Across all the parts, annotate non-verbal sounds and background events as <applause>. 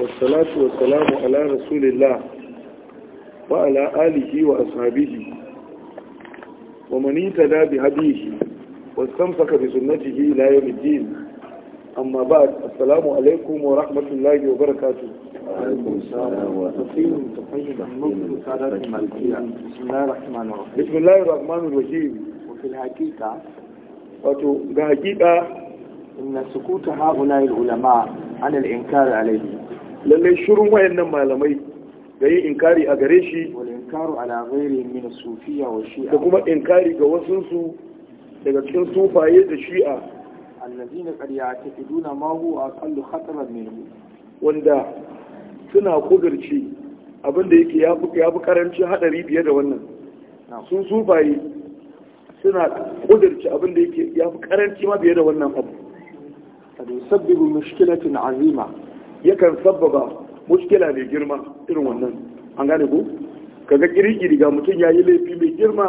والصلاة والسلام على رسول الله وعلى آله وأصحابه ومن يتدى بهديه واستمسك بسنته إلى يوم الدين أما بعد السلام عليكم ورحمة الله وبركاته وعليكم السلام ورحمة بسم الله الرحمن الرحيم وفي الحقيقة وتو حقيقة إن سكوت هؤلاء العلماء عن الإنكار عليه lallai shirin wayannan malamai da yin inkari a gare shi da kuma inkari ga su daga cikin sufaye da shi'a allazina qad ya'taqiduna ma huwa aqallu khataran minhu wanda suna kudurci abinda yake ya fi karanci hadari biye da wannan sun sufaye suna kudurci abinda yake ya fi karanci ma biye da wannan abu sabbi mushkilatin azima yakan sabbaba mushkila mai girma irin wannan an gane ku kaga kirkiri ga mutum ya yi laifi mai girma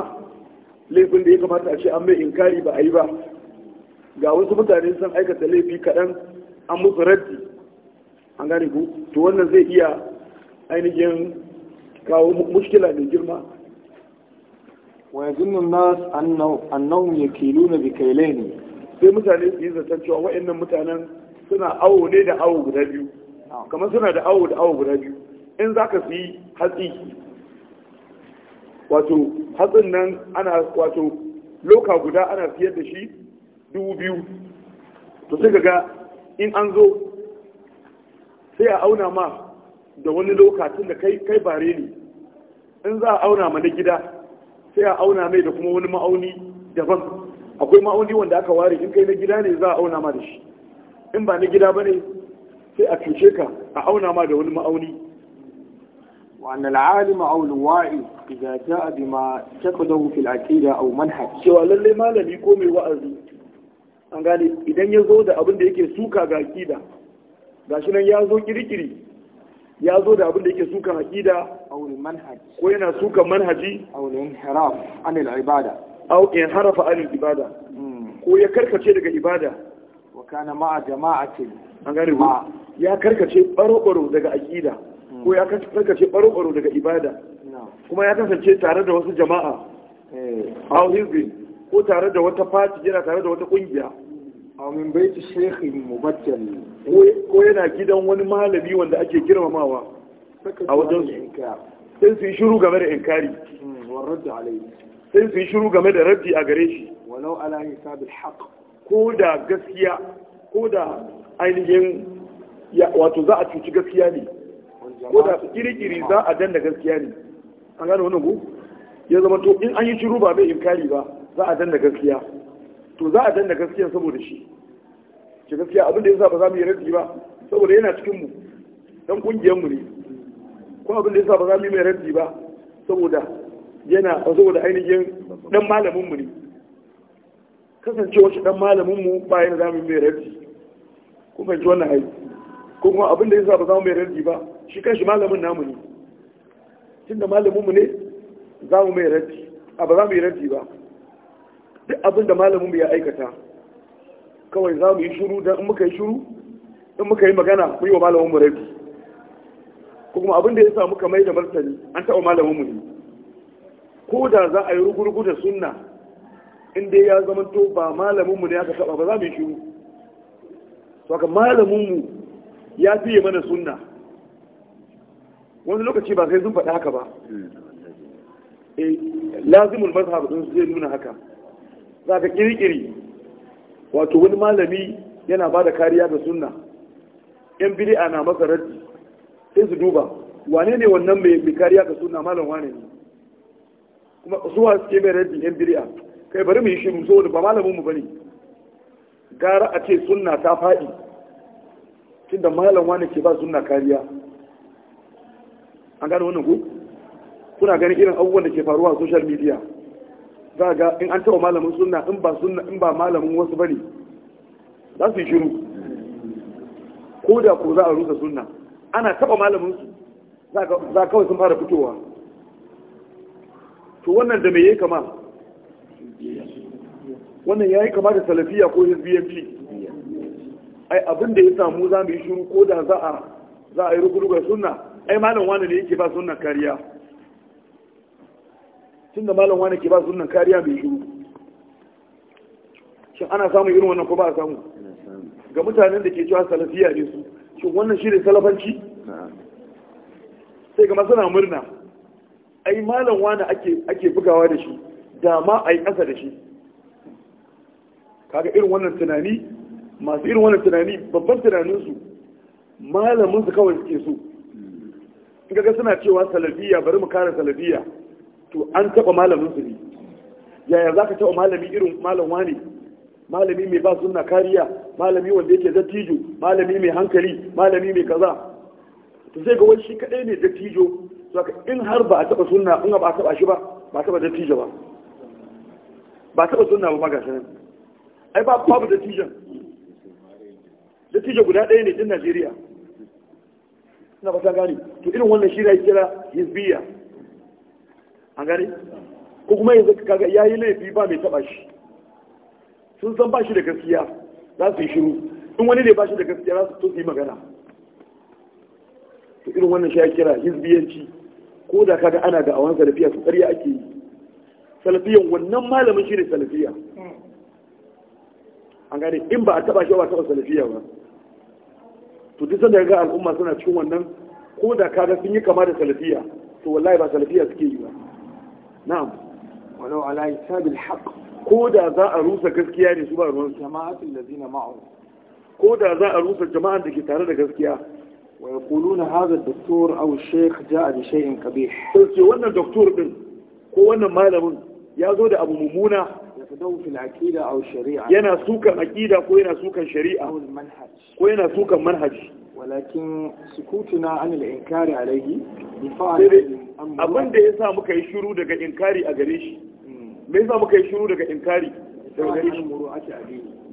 laifin da ya kamata a ce an mai inkari ba a yi ba ga wasu mutane sun aikata laifi kaɗan an musu raddi an gane ku to wannan zai iya ainihin kawo mushkila mai girma wa yazunnu an-nas annahum yakiluna bi ne? sai mutane su yi zaton cewa wa'annan mutanen suna awo ne da awo guda biyu kamar suna da awo da awo guda biyu in za ka fi hatsi wato hatsin nan ana wato loka guda ana siyar da shi dubu biyu to sai ga in an zo sai a auna ma da wani loka tun da kai kai bare ne in za a auna ma na gida sai a auna mai da kuma wani ma'auni daban akwai ma'auni wanda aka ware in kai na gida ne za a auna ma da shi in ba na gida ba ne sai a cuce ka a auna ma da wani ma'auni وأن العالم أو الواعي إذا جاء بما fil في العقيدة أو منهج سواء للي malami ko mai wa'azi an gane idan ya zo da abin da yake suka ga akida gashi nan ya zo kirikiri ya zo da abin da yake suka akida ko yana suka manhaji aw inharafa anil ibada hmm. ko ya karkace daga ibada wa kana ma'a jama'atin an gane ku ah. ya karkace baro-baro daga aƙida ko hmm. ya karkace baro-baro daga ibada kuma ya kasance tare da wasu jama'a eh. a hizbin ko tare da wata fati yana tare da wata ƙungiya? a min ci shekhi batten. ko yana gidan wani malami wanda ake girmamawa a wajen su sai su yi shiru game da inkari hmm, sai su yi shiru game da rabbi a gare shi ko da gaskiya ko da ainihin wato za a cuci gaskiya ne ko da kiri-kiri za a danna gaskiya ne an gano wannan ku ya zama to in an yi shiru ba mai inkari ba za a danna gaskiya to za a danna gaskiya saboda shi ce gaskiya abin da sa ba za mu yi raddi ba saboda yana cikin mu dan kungiyar mu ne ko abin da sa ba za mu yi mai raddi ba saboda yana saboda ainihin dan malamin mu ne kasancewa shi dan malamin mu ba yana za mu yi mai raddi ku fahimci wannan hai ko kuma abin da yasa ba za mu mai rarji ba shi kanshi malamin namu ne tunda malamin mu ne za mu mai rarji a ba za mu yi rarji ba duk abin da malamin mu ya aikata kawai za mu yi shiru dan in muka yi shiru in muka yi magana mu yi wa malamin mu ko kuma abin da yasa muka mai da martani an taɓa malamin mu ne ko da za a yi rugurgu da sunna in dai ya zama to ba malamin mu ne aka taɓa ba za mu yi shiru malamin mu ya fiye mana sunna wani lokaci ba sai sun faɗa haka ba eh, lazimul mazhab din zai nuna haka za ka kirkiri wato wani malami yana ba da kariya ga sunna yan bid'a na masa raddi sai su duba wane ne wannan mai kariya ga sunna malam wane ne kuma zuwa suke mai raddi yan bid'a kai bari mu yi shiru saboda ba malamin mu bane gara a ce sunna ta faɗi tunda malam wani ke ba sunna kariya an gane wannan ku kuna ganin irin abubuwan da ke faruwa a social media za ga in an taɓa malamin sunna in ba sunna in ba malamin wasu bane za su yi shiru ko da ko za a rusa sunna ana taɓa malamin su za kawai sun fara fitowa to wannan da me yayi kama wannan ya yi kama da salafiya ko hizbiyanci ai abin da ya samu za mu yi shuru ko da za a za a yi rukuruga suna ai malam wani ne yake ba suna kariya tun da malam wani ke ba suna kariya mai shuru shin ana samun irin wannan ko ba a samu ga mutanen da ke cewa salafiya ne su shin wannan shi ne salafanci sai ga suna murna ai malam wani ake bugawa da shi da ma a yi ƙasa da shi kaga irin wannan tunani masu irin wannan tunani babban tunaninsu malaminsu kawai suke so in kaga suna cewa salafiya bari mu kare salafiya to an taɓa malaminsu ne yaya za ka taɓa malami irin malam ne? malami mai ba suna kariya malami wanda yake dattijo malami mai hankali malami mai kaza to sai ga wani shi kaɗai ne dattijo saka in har ba a taɓa suna in ba a taɓa shi ba ba a taɓa dattijo ba ba a taɓa suna ba magashi ai ba babu dattijan dattijan guda ɗaya ne din najeriya ina fata gani to irin wannan shi ya kira hizbiya an gani ko kuma yanzu kaga ya yi laifi ba mai taɓa shi sun san ba shi da gaskiya za su yi shiru in wani ne ba shi da gaskiya za su to yi magana to irin wannan shi ya kira hizbiyanci ko da kaga ana da awon salafiya su ƙarya ake yi salafiyan wannan malamin shi ne salafiya hmm. an gane in ba a taba shi ba taba salafiya ba to duk sanda ga al'umma suna cikin wannan ko da kaga sun yi kama da salafiya to wallahi ba salafiya suke yi ba na'am walau ala hisabil haqq ko da za a rusa gaskiya ne su ba ruwan jama'atul ladina ma'ahu ko da za a rusa jama'an da ke tare da gaskiya wa yaquluna hadha ad-doktor aw ash-shaykh ja'a bi shay'in qabih to ce wannan doktor din ko wannan malamin ya zo da abu mumuna yana sukan aƙida ko yana sukan shari'a ko yana sukan manhaji walakin sukutuna an al-inkari alayhi difa'an abin da yasa muka yi shiru daga inkari a gare shi me yasa muka yi shiru daga inkari daga gare shi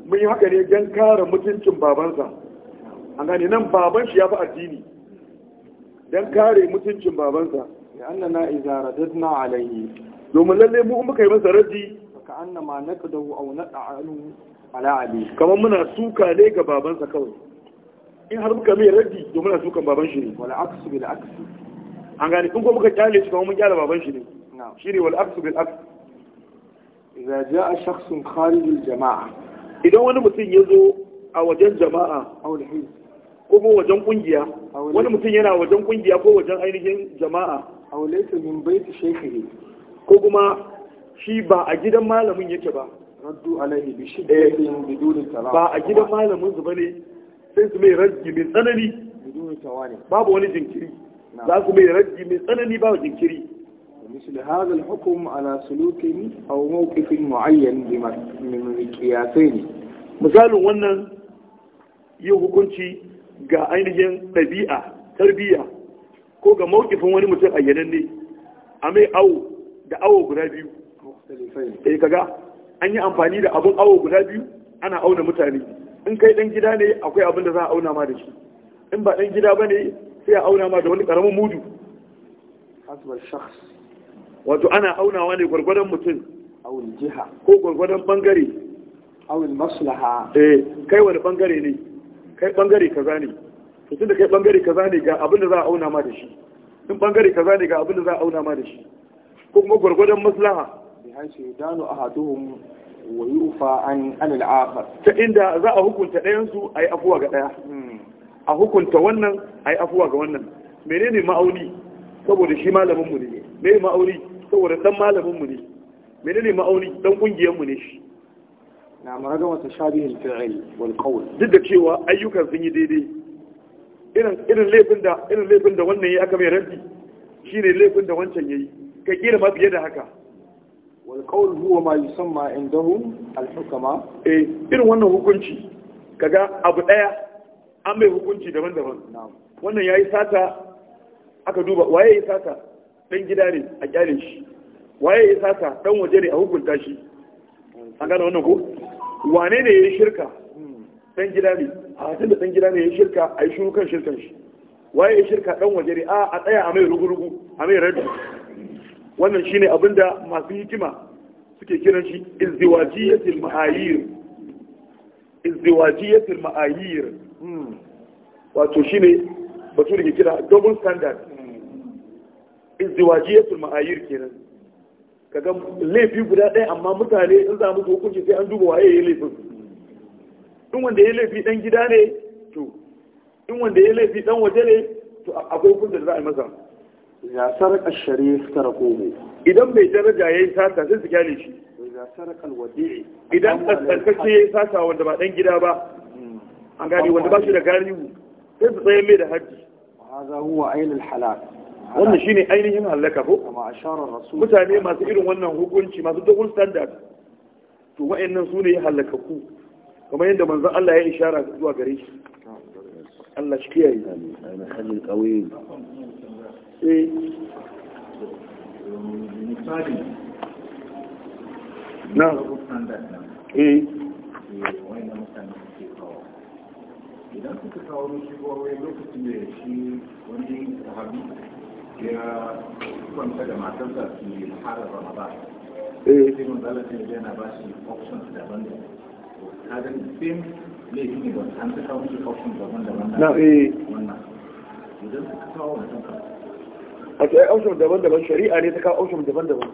mun yi haka ne don kare mutuncin babansa an gane nan baban shi ya fi addini don kare mutuncin babansa ya annana izara dadna alayhi domin lalle mu muka yi masa raddi ka'annama naqdahu aw na ala ali kamar muna suka ne ga babansa kawai in har muka mai raddi da muna suka baban shi ne wal aksu bil aksu an gane kun kuma muka kyale shi kamar mun kyale baban shi ne shi ne wal aksu bil aksu idza jaa shakhsun kharij jamaa idan wani mutum ya zo a wajen jama'a aw al ko kuma wajen kungiya wani mutum yana wajen kungiya ko wajen ainihin jama'a aw laysa min ta shaykhihi ko kuma shi ba a gidan malamin yake ba raddu alaihi bi shiddatin eh, biduni salam ba a gidan malamin su bane sai su mai raddi mai tsanani biduni tawani babu wani jinkiri za su mai raddi mai tsanani ba jinkiri مثل هذا الحكم على سلوك موقف معين من مثال wannan yin hukunci ga ainihin ɗabi'a tarbiyya ko ga mawkifin wani mutum a yanan ne a mai awo da awo guda biyu eh kaga an yi amfani da abun awo guda biyu ana auna mutane in kai dan gida ne akwai abin da za a auna ma da shi in ba dan gida bane sai a auna ma da wani karamin mudu hasbar shakhs wato ana aunawa ne gurgurdan mutum awul jiha ko gurgurdan bangare awul maslaha eh kai wani bangare ne kai bangare kaza ne to tunda kai bangare kaza ne ga abin da za a auna ma da shi in bangare kaza ne ga abin da za a auna ma da shi ko kuma gurgurdan maslaha a Haduhun wa Ufa an anil akhar ta inda za a hukunta ɗayan su yi afuwa ga ɗaya hmm. a hukunta wannan a yi afuwa ga wannan menene ma'auni saboda shi malamin mu ne me ma'auni saboda dan malamin mu ne menene ma'auni dan kungiyar mu ne shi na wata shabihin fi'il wal qawl duk da cewa ayyukan sun yi daidai irin laifin da irin laifin da wannan ya aka mai rabbi shine laifin da wancan yayi Ka kira ma fiye da haka huwa ma yusamma indahum al-hukama eh irin wannan hukunci kaga abu daya an mai hukunci daban-daban. na'am wannan yayi sata aka duba waye ya sata dan gida ne a kyale shi waye ya sata dan waje ne a hukunta shi an gane wannan ko wane ne ya shirka dan gida ne a tunda dan gida ne ya shirka a yi kan shirkan shi waye ya shirka dan waje ne a a tsaya a mai rugurugu a mai radu wannan shine abinda masu hikima suke kiran shi izdiwajiyatul ma'ayir izdiwajiyatul ma'ayir hmm. wato shine batu da ke kira double standard hmm. izdiwajiyatul ma'ayir kenan kaga laifi guda ɗaya amma mutane in za mu hukunci sai an duba waye ya laifin in wanda ya laifi dan gida ne to in wanda ya laifi dan waje ne to akwai hukuncin da za a yi masa gasar ƙashare tara komo idan mai daraja ya yi sata sai su kyale shi gasar kalwade idan ƙasƙarƙashe ya yi sata wanda ba ɗan gida ba an gani wanda ba shi da garibu sai su tsaye mai da hajji. haza huwa ainihin halak wannan shine ainihin halaka ko mutane masu irin wannan hukunci masu double standard to wa'annan su ne halakaku kamar yadda manzon Allah ya ishara zuwa gare shi Allah shi kiyaye amin amin misali na eh wanda mutane suke idan suka kawo wani lokacin da shi wani sahabi ya kwanta da matarsa su yi fara ramaba eh sai mun zala sai yana ba shi options daban da kaga same laifin ne ba an ta kawo shi options daban daban na wannan idan suka kawo mutum a ce ai aushum daban-daban shari'a ne ta kawo aushum daban-daban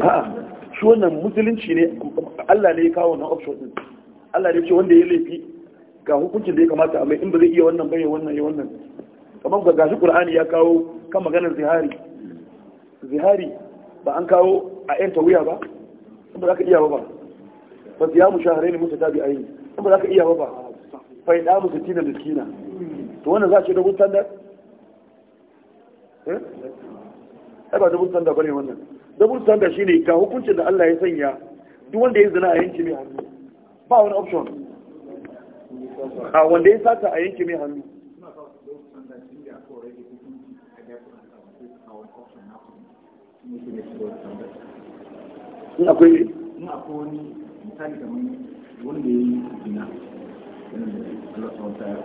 a'a shi wannan musulunci ne Allah ne ya kawo wannan option din Allah ne ce wanda ya laifi ga hukuncin da ya kamata a mai in ba zai iya wannan bayan wannan ya wannan kamar ga gashi Qur'ani ya kawo kan maganar zihari zihari ba an kawo a yan tawiya ba in ba za ka iya ba ba ya mu shahararri ne mutu ayi in ba za ka iya ba ba faida mutu tina miskina to wannan za a ce double da? eh ba double da bane wannan double da shine ga hukuncin da Allah ya sanya duk wanda ya zina a yanki mai hannu ba wani option a wanda ya sata a yanki mai hannu in akwai wani misali kamar wanda ya yi zina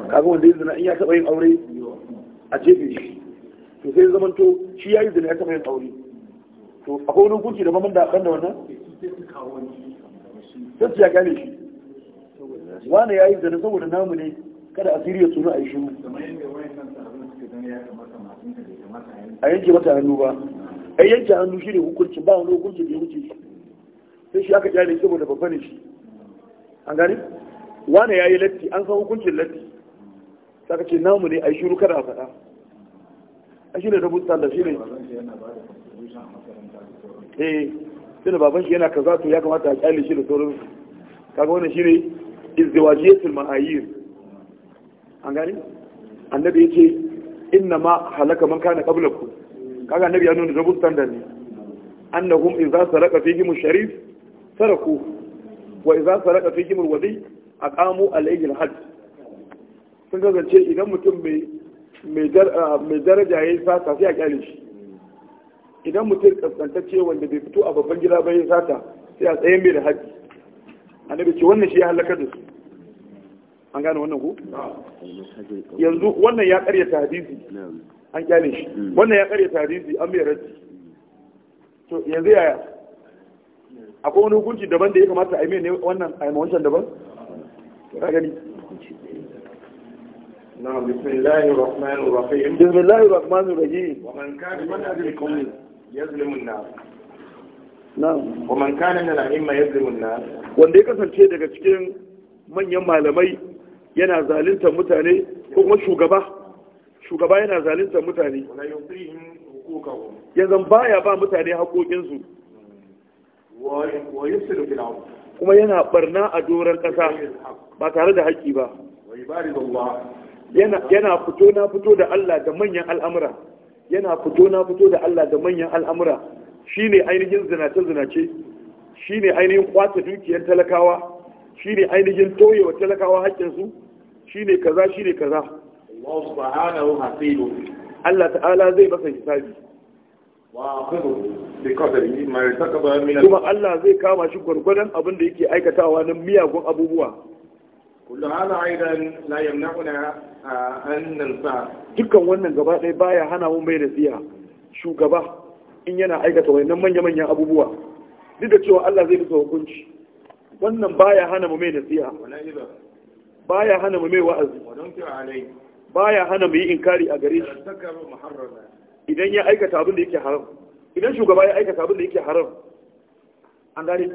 kaga wanda ya zina in ya taɓa yin aure a jefe shi to sai zaman to shi ya yi zina ya taɓa yin aure to akwai wani hukunci da mamman da da wannan sai su ya gane shi wani ya yi zina saboda namu ne kada a ya tsoro a yi shi a yanke mata hannu ba a yanke hannu shi ne hukunci ba wani hukunci da ya wuce shi sai shi aka kyale saboda babba ne shi an gani wane ya yi latti an san hukuncin latti saka ce namu ne a yi shiru kada a faɗa a shi ne da busta da shi ne eh sai da baban shi yana kaza to ya kamata a kyale shi da sauran kaga wannan shi ne izdiwajiyatul ma'ayir an gani annabi yace inna ma halaka man kana qablakum kaga annabi ya nuna double standard ne annahum idza saraka fihim sharif saraku wa idza saraka fihim alwadi a ƙamu alayhi had sun kasance idan mutum mai ah, daraja ya yi sata sai a kyale shi idan mutum kaskantacce wanda bai fito a babban gida bai yi sata sai a tsaye mai da haji annabi ce wannan shi ya halaka da su an gane wannan ku yanzu wannan ya karya hadisi an kyale shi hmm. wannan ya karya hadisi an mai raji to yanzu yaya akwai wani hukunci daban da ya kamata a yi mai wannan a yi wancan daban بسم الله الرحمن الرحيم ومن كان من الناس wa man kana min al-a'imma yazlimu an wanda ya kasance daga cikin manyan malamai yana zalunta mutane ko kuma shugaba shugaba yana zalunta mutane Yanzu baya ba mutane haƙoƙinsu wa yusiru kuma yana barna a doron ƙasa ba tare da haƙƙi ba yana fito na fito da Allah da manyan al'amura yana fito na fito da Allah da manyan al'amura shine ainihin zinace-zinace shine ainihin kwata dukiyar talakawa shine ainihin wa talakawa haƙƙinsu shine kaza shine kaza Allah ta'ala zai masa hisabi kuma Allah zai kama shi gwargwadon abin da yake aikatawa na miyagun abubuwa kullu hada aidan la yamna'una uh, an nansa dukkan wannan gaba ɗaya baya hana mun mai nasiha shugaba in yana aikata wannan manya-manyan abubuwa duk da cewa Allah zai fito hukunci wannan baya hana mu mai nasiha baya hana mu mai wa'azi baya hana mu yi inkari a gare shi idan ya aikata abin da yake haram idan shugaba ya aikata abin da yake haram an gane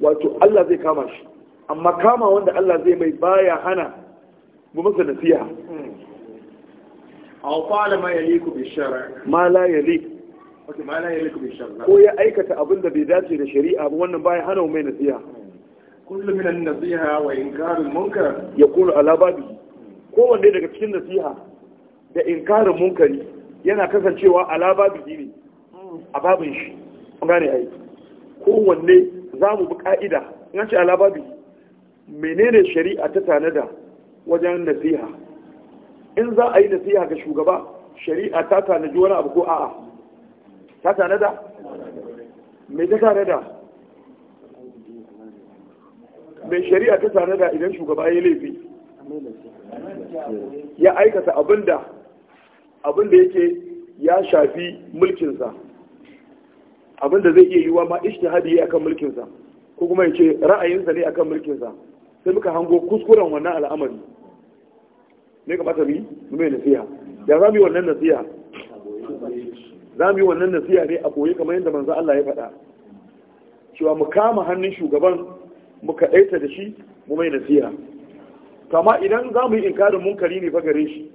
wato Allah zai kama shi amma kama wanda Allah zai mai baya hana mu masa nasiha aw qala ma yaliku bi shar'a ma la yali wato ma la yaliku bi shar'a ko ya aikata abin da bai dace da shari'a ba wannan baya hana mu mai nasiha kullu min an-nasiha wa inkarul munkar yaqulu ala babi kowanne daga cikin nasiha da inkarin munkari yana kasancewa ala babu ne a babin shi gane ai kowanne za mu bi ka'ida nan ce a babu menene shari'a ta tanada wajen nasiha in za a yi nasiha ga shugaba shari'a ta ji wani abu ko a'a ta tanada me ta da mai shari'a ta tanada idan shugaba ya laifi ya aikata abin da abin da yake ya shafi mulkinsa abin da zai iya yiwa ma ishtihadi akan mulkinsa ko kuma yace ra'ayinsa ne akan mulkinsa sai muka hango kuskuren wannan al'amari ne kamata mu mu mai nasiha ya mu yi wannan nasiha mu yi wannan nasiha ne a koyi kamar yadda manzo Allah ya faɗa cewa mu kama hannun shugaban mu kaɗaita da shi mu mai nasiha kama idan za mu yi inkarin munkari ne fa gare shi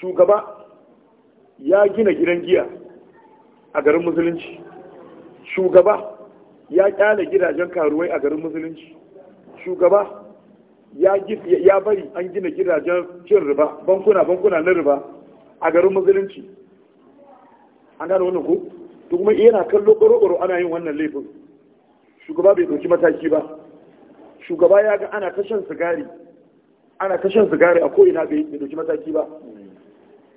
shugaba ya gina gidan giya a garin musulunci shugaba ya kyale gidajen karuwai a garin musulunci shugaba ya bari an gina gidajen cin riba bankuna bankuna na riba a garin musulunci an gane wannan ko to kuma yana kallo ƙoro ana yin wannan laifin shugaba bai ɗauki mataki ba shugaba ya ga ana ta shan sigari ana ta shan sigari a ko'ina bai ɗauki mataki ba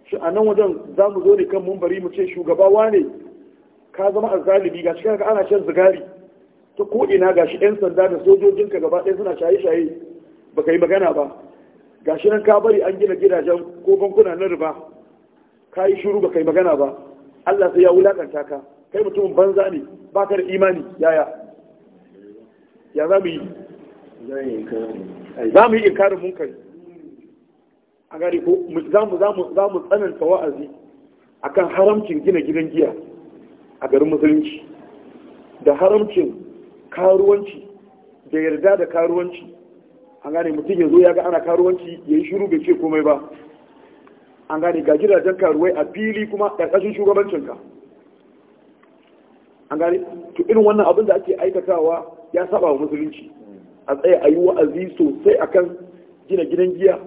shi a nan wajen za mu zo ne kan mumbari mu ce shugaba ne. ka zama a zalibi. ga cikin ana shan zigari ta ko'ina ina ga yan sanda da sojojinka gaba ɗaya suna shaye-shaye ba ka yi magana ba ga shi nan ka bari an gina gidajen ko bankuna na riba ka yi shuru ba ka yi magana ba Allah sai ya wulakanta ka kai mutumin banza ne ba ka da imani yaya ya za mu yi za mu yi inkarin munkari a gari ko za mu tsananta wa'azi akan haramcin gina gidan giya a garin musulunci da haramcin karuwanci da yarda da karuwanci an gane mutum ya zo ya ga ana karuwanci ya yi shiru bai ce komai ba an gane ga gidajen karuwai a fili kuma ƙarƙashin shugabancinka an gane to irin wannan abin da ake aikatawa ya saba wa musulunci a tsaye a yi wa'azi sosai akan gina gidan giya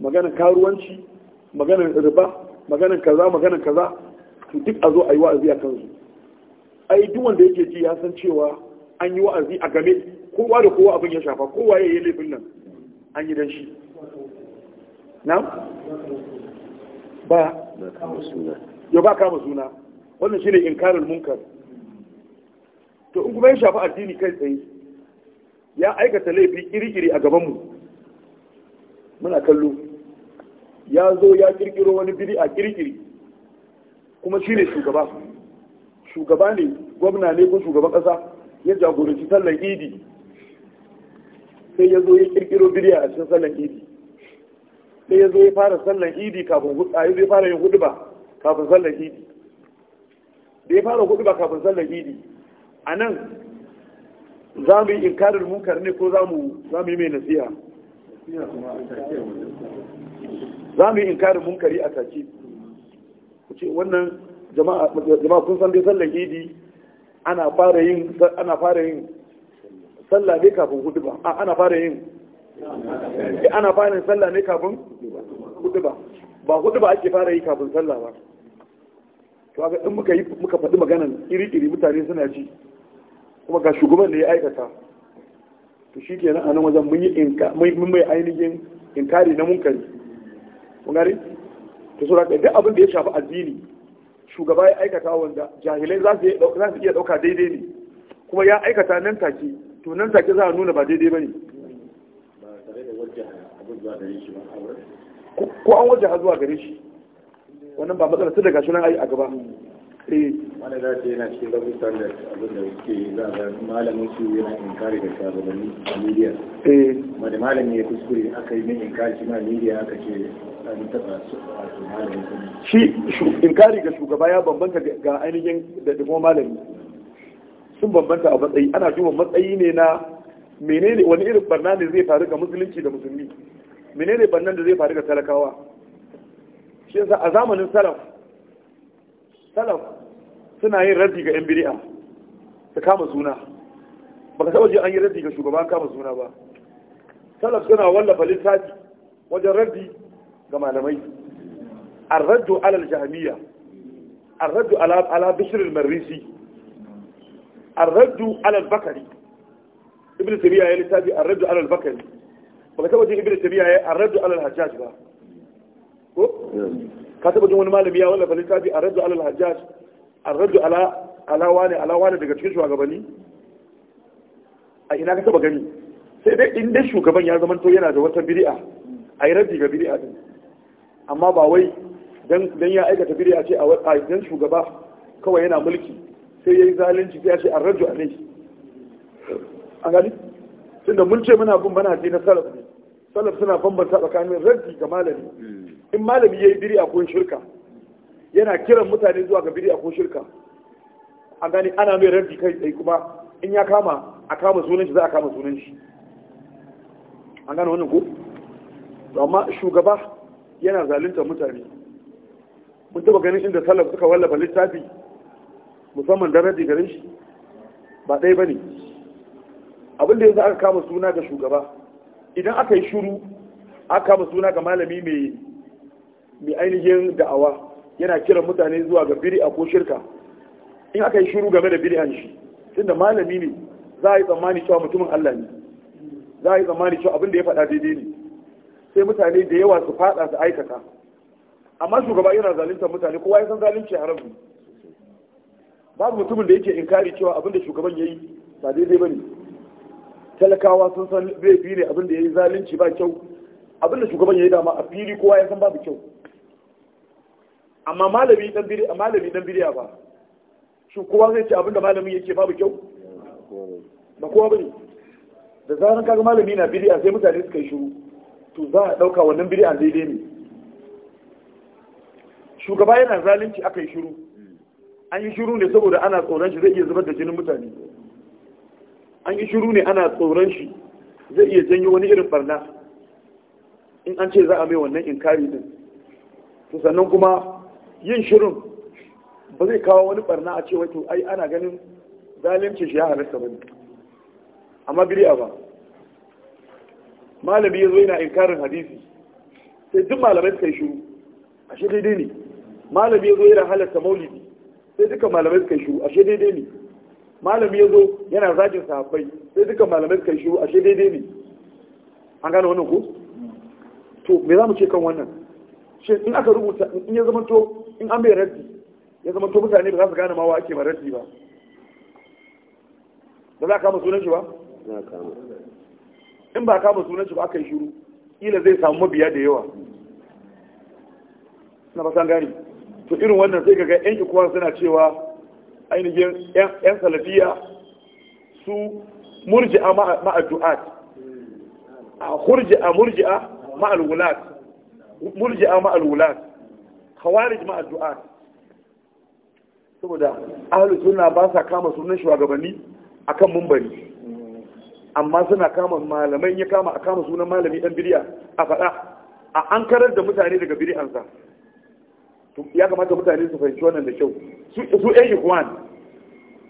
maganar karuwanci maganar riba maganar kaza maganar kaza to duk a zo a yi wa'azi a kansu ai duk wanda yake ji ya san cewa an yi wa'azi a game kowa da kowa abin ya shafa kowa ya yi laifin nan an yi dan shi na ba ya ba kama suna wannan shine inkarin munkar to in kuma ya shafi addini kai tsaye ya aikata laifi iri-iri a gabanmu muna kallo ya zo ya kirkiro wani biri a kirkiri kuma shi ne shugaba shugaba ne gwamna ne ko shugaban ƙasa ya jagoranci sallan idi sai ya zo ya kirkiro biri a cikin sallan idi sai ya zo ya fara sallan idi kafin a ya fara yin ba kafin sallan idi da ya fara ba kafin sallan idi a nan za mu yi inkarar munkar ne ko za mu yi mai nasiha za mu yi inkarin munkari a take ku ce wannan jama'a kun san dai sallar idi ana fara yin ana fara yin sallah ne kafin huduba ana fara yin eh, ana fara yin sallah ne kafin huduba ba huduba ake fara yi kafin sallah ba to ga in muka yi muka faɗi maganan iri-iri mutane suna ji kuma ga shugaban da ya aikata to shi nan a nan wajen mun yi mun mai ainihin inkari na munkari kun ta sura ɗaya duk abin da ya shafi addini shugaba ya aikata wanda jahilai za su iya ɗauka daidai ne kuma ya aikata nan take to nan take za a nuna ba daidai ba ne ko an wajen zuwa gare shi wannan ba matsala tun daga shi nan a gaba wani za ta yana cikin rabu standard abin da suke za a malamin su yana inkari da shugabanni a media eh. kuma da malami ya kuskure aka yi min inkari shi ma media aka ce an taɓa su a malamin su shi inkari ga shugaba ya bambanta ga ainihin da dimo malami sun bambanta a matsayi ana duba matsayi ne na menene wani irin barna ne zai faru ga musulunci da musulmi menene barnan da zai faru ga talakawa shi yasa a zamanin salaf salaf suna yin raddi ga 'yan biri'a su kama suna ba ka taɓa ji an yi raddi ga shugaban kama suna ba salaf suna wallafa littafi wajen raddi ga malamai rajo alal jahamiya rajo ala bishirin marisi rajo alal bakari ibn tabiya ya littafi rajo alal bakari ba ka taɓa ji ibn tabiya ya rajo alal hajjaj ba ko ka taɓa jin wani malami ya wallafa littafi rajo alal hajjaj Arraju ala alawa ne alawa ne daga cikin shugabanni a ina ka taba gani sai dai in dai shugaban ya zama to yana da wata bid'a a yi raddi ga bid'a din amma ba wai dan ya aikata bid'a ce a dan shugaba kawai yana mulki sai yayi zalunci sai ya ce arraju alai an gani tunda mun ce muna bin ji na salaf ne salaf suna bambanta tsakanin rabi ga malami in malami yayi bid'a ko shirka yana kiran mutane zuwa ga bid'a ko shirka an gani ana mai raddi kai tsaye kuma in ya kama a kama sunan shi za a kama sunan shi an gane wannan ko amma shugaba yana zalunta mutane mun taba ganin inda salaf suka wallafa littafi musamman da raddi garin shi ba ɗaya ba ne abin da yanzu aka kama suna ga shugaba idan aka yi shuru aka kama suna ga malami mai ainihin da'awa yana kiran mutane zuwa ga a ko shirka in aka yi shiru game da birian shi tunda malami ne za a yi tsammani cewa mutumin Allah ne za a yi tsammani cewa abin da ya faɗa daidai ne sai mutane da yawa su faɗa su aikata amma shugaba yana zalunta mutane kowa ya san zalunci a ne babu mutumin da yake inkari cewa abin da shugaban ya yi ba daidai ba ne talakawa sun san laifi ne abin da ya yi zalunci ba kyau abin da shugaban ya yi dama a fili kowa ya san babu kyau amma malami dan bid'a malami dan ba shi kowa zai ce abinda malamin yake babu kyau ba kowa bane da zaran kaga malami na bid'a sai mutane suka yi shiru to za a dauka wannan bid'a daidai ne shugaba yana zalunci aka yi shiru an yi shiru ne saboda ana tsoron shi zai iya zubar da jinin mutane an yi shiru ne ana tsoron shi zai iya janyo wani irin barna in an ce za a mai wannan inkari din to sannan kuma yin shirin ba zai kawo wani barna a cewa to ai ana ganin zalimci shi ya halitta ba ne amma biri'a ba malami ya zo yana inkarin hadisi sai duk malamai suka yi shiru a shi daidai ne malami ya zo yana halatta maulidi sai duka malamai suka yi shiru a shi daidai ne malami ya zo yana zagin sahabbai sai duka malamai suka yi shiru a shi daidai ne an gane wannan ko to me za mu ce kan wannan shi in aka rubuta in ya zama to in an bai raddi ya zama to mutane ba za su gane ma wa ake ma raddi ba ba za a kama sunan shi ba in ba kama sunan shi ba aka yi shiru ila zai samu mabiya da yawa na ba san gani to irin wannan sai kaga yan ikuwa suna cewa ainihin yan salafiya su murji'a ma'a du'at a hurji'a murji'a ma'a wulat murji'a ma al-wulat khawarij ma ad saboda ahlus sunna ba sa kama sunan shugabanni akan mumbari amma suna kama malamai ya kama a kama sunan malami dan bid'a a faɗa a ankarar da mutane daga bid'ansa ya kamata mutane su fahimci wannan da kyau su ɗan ikwan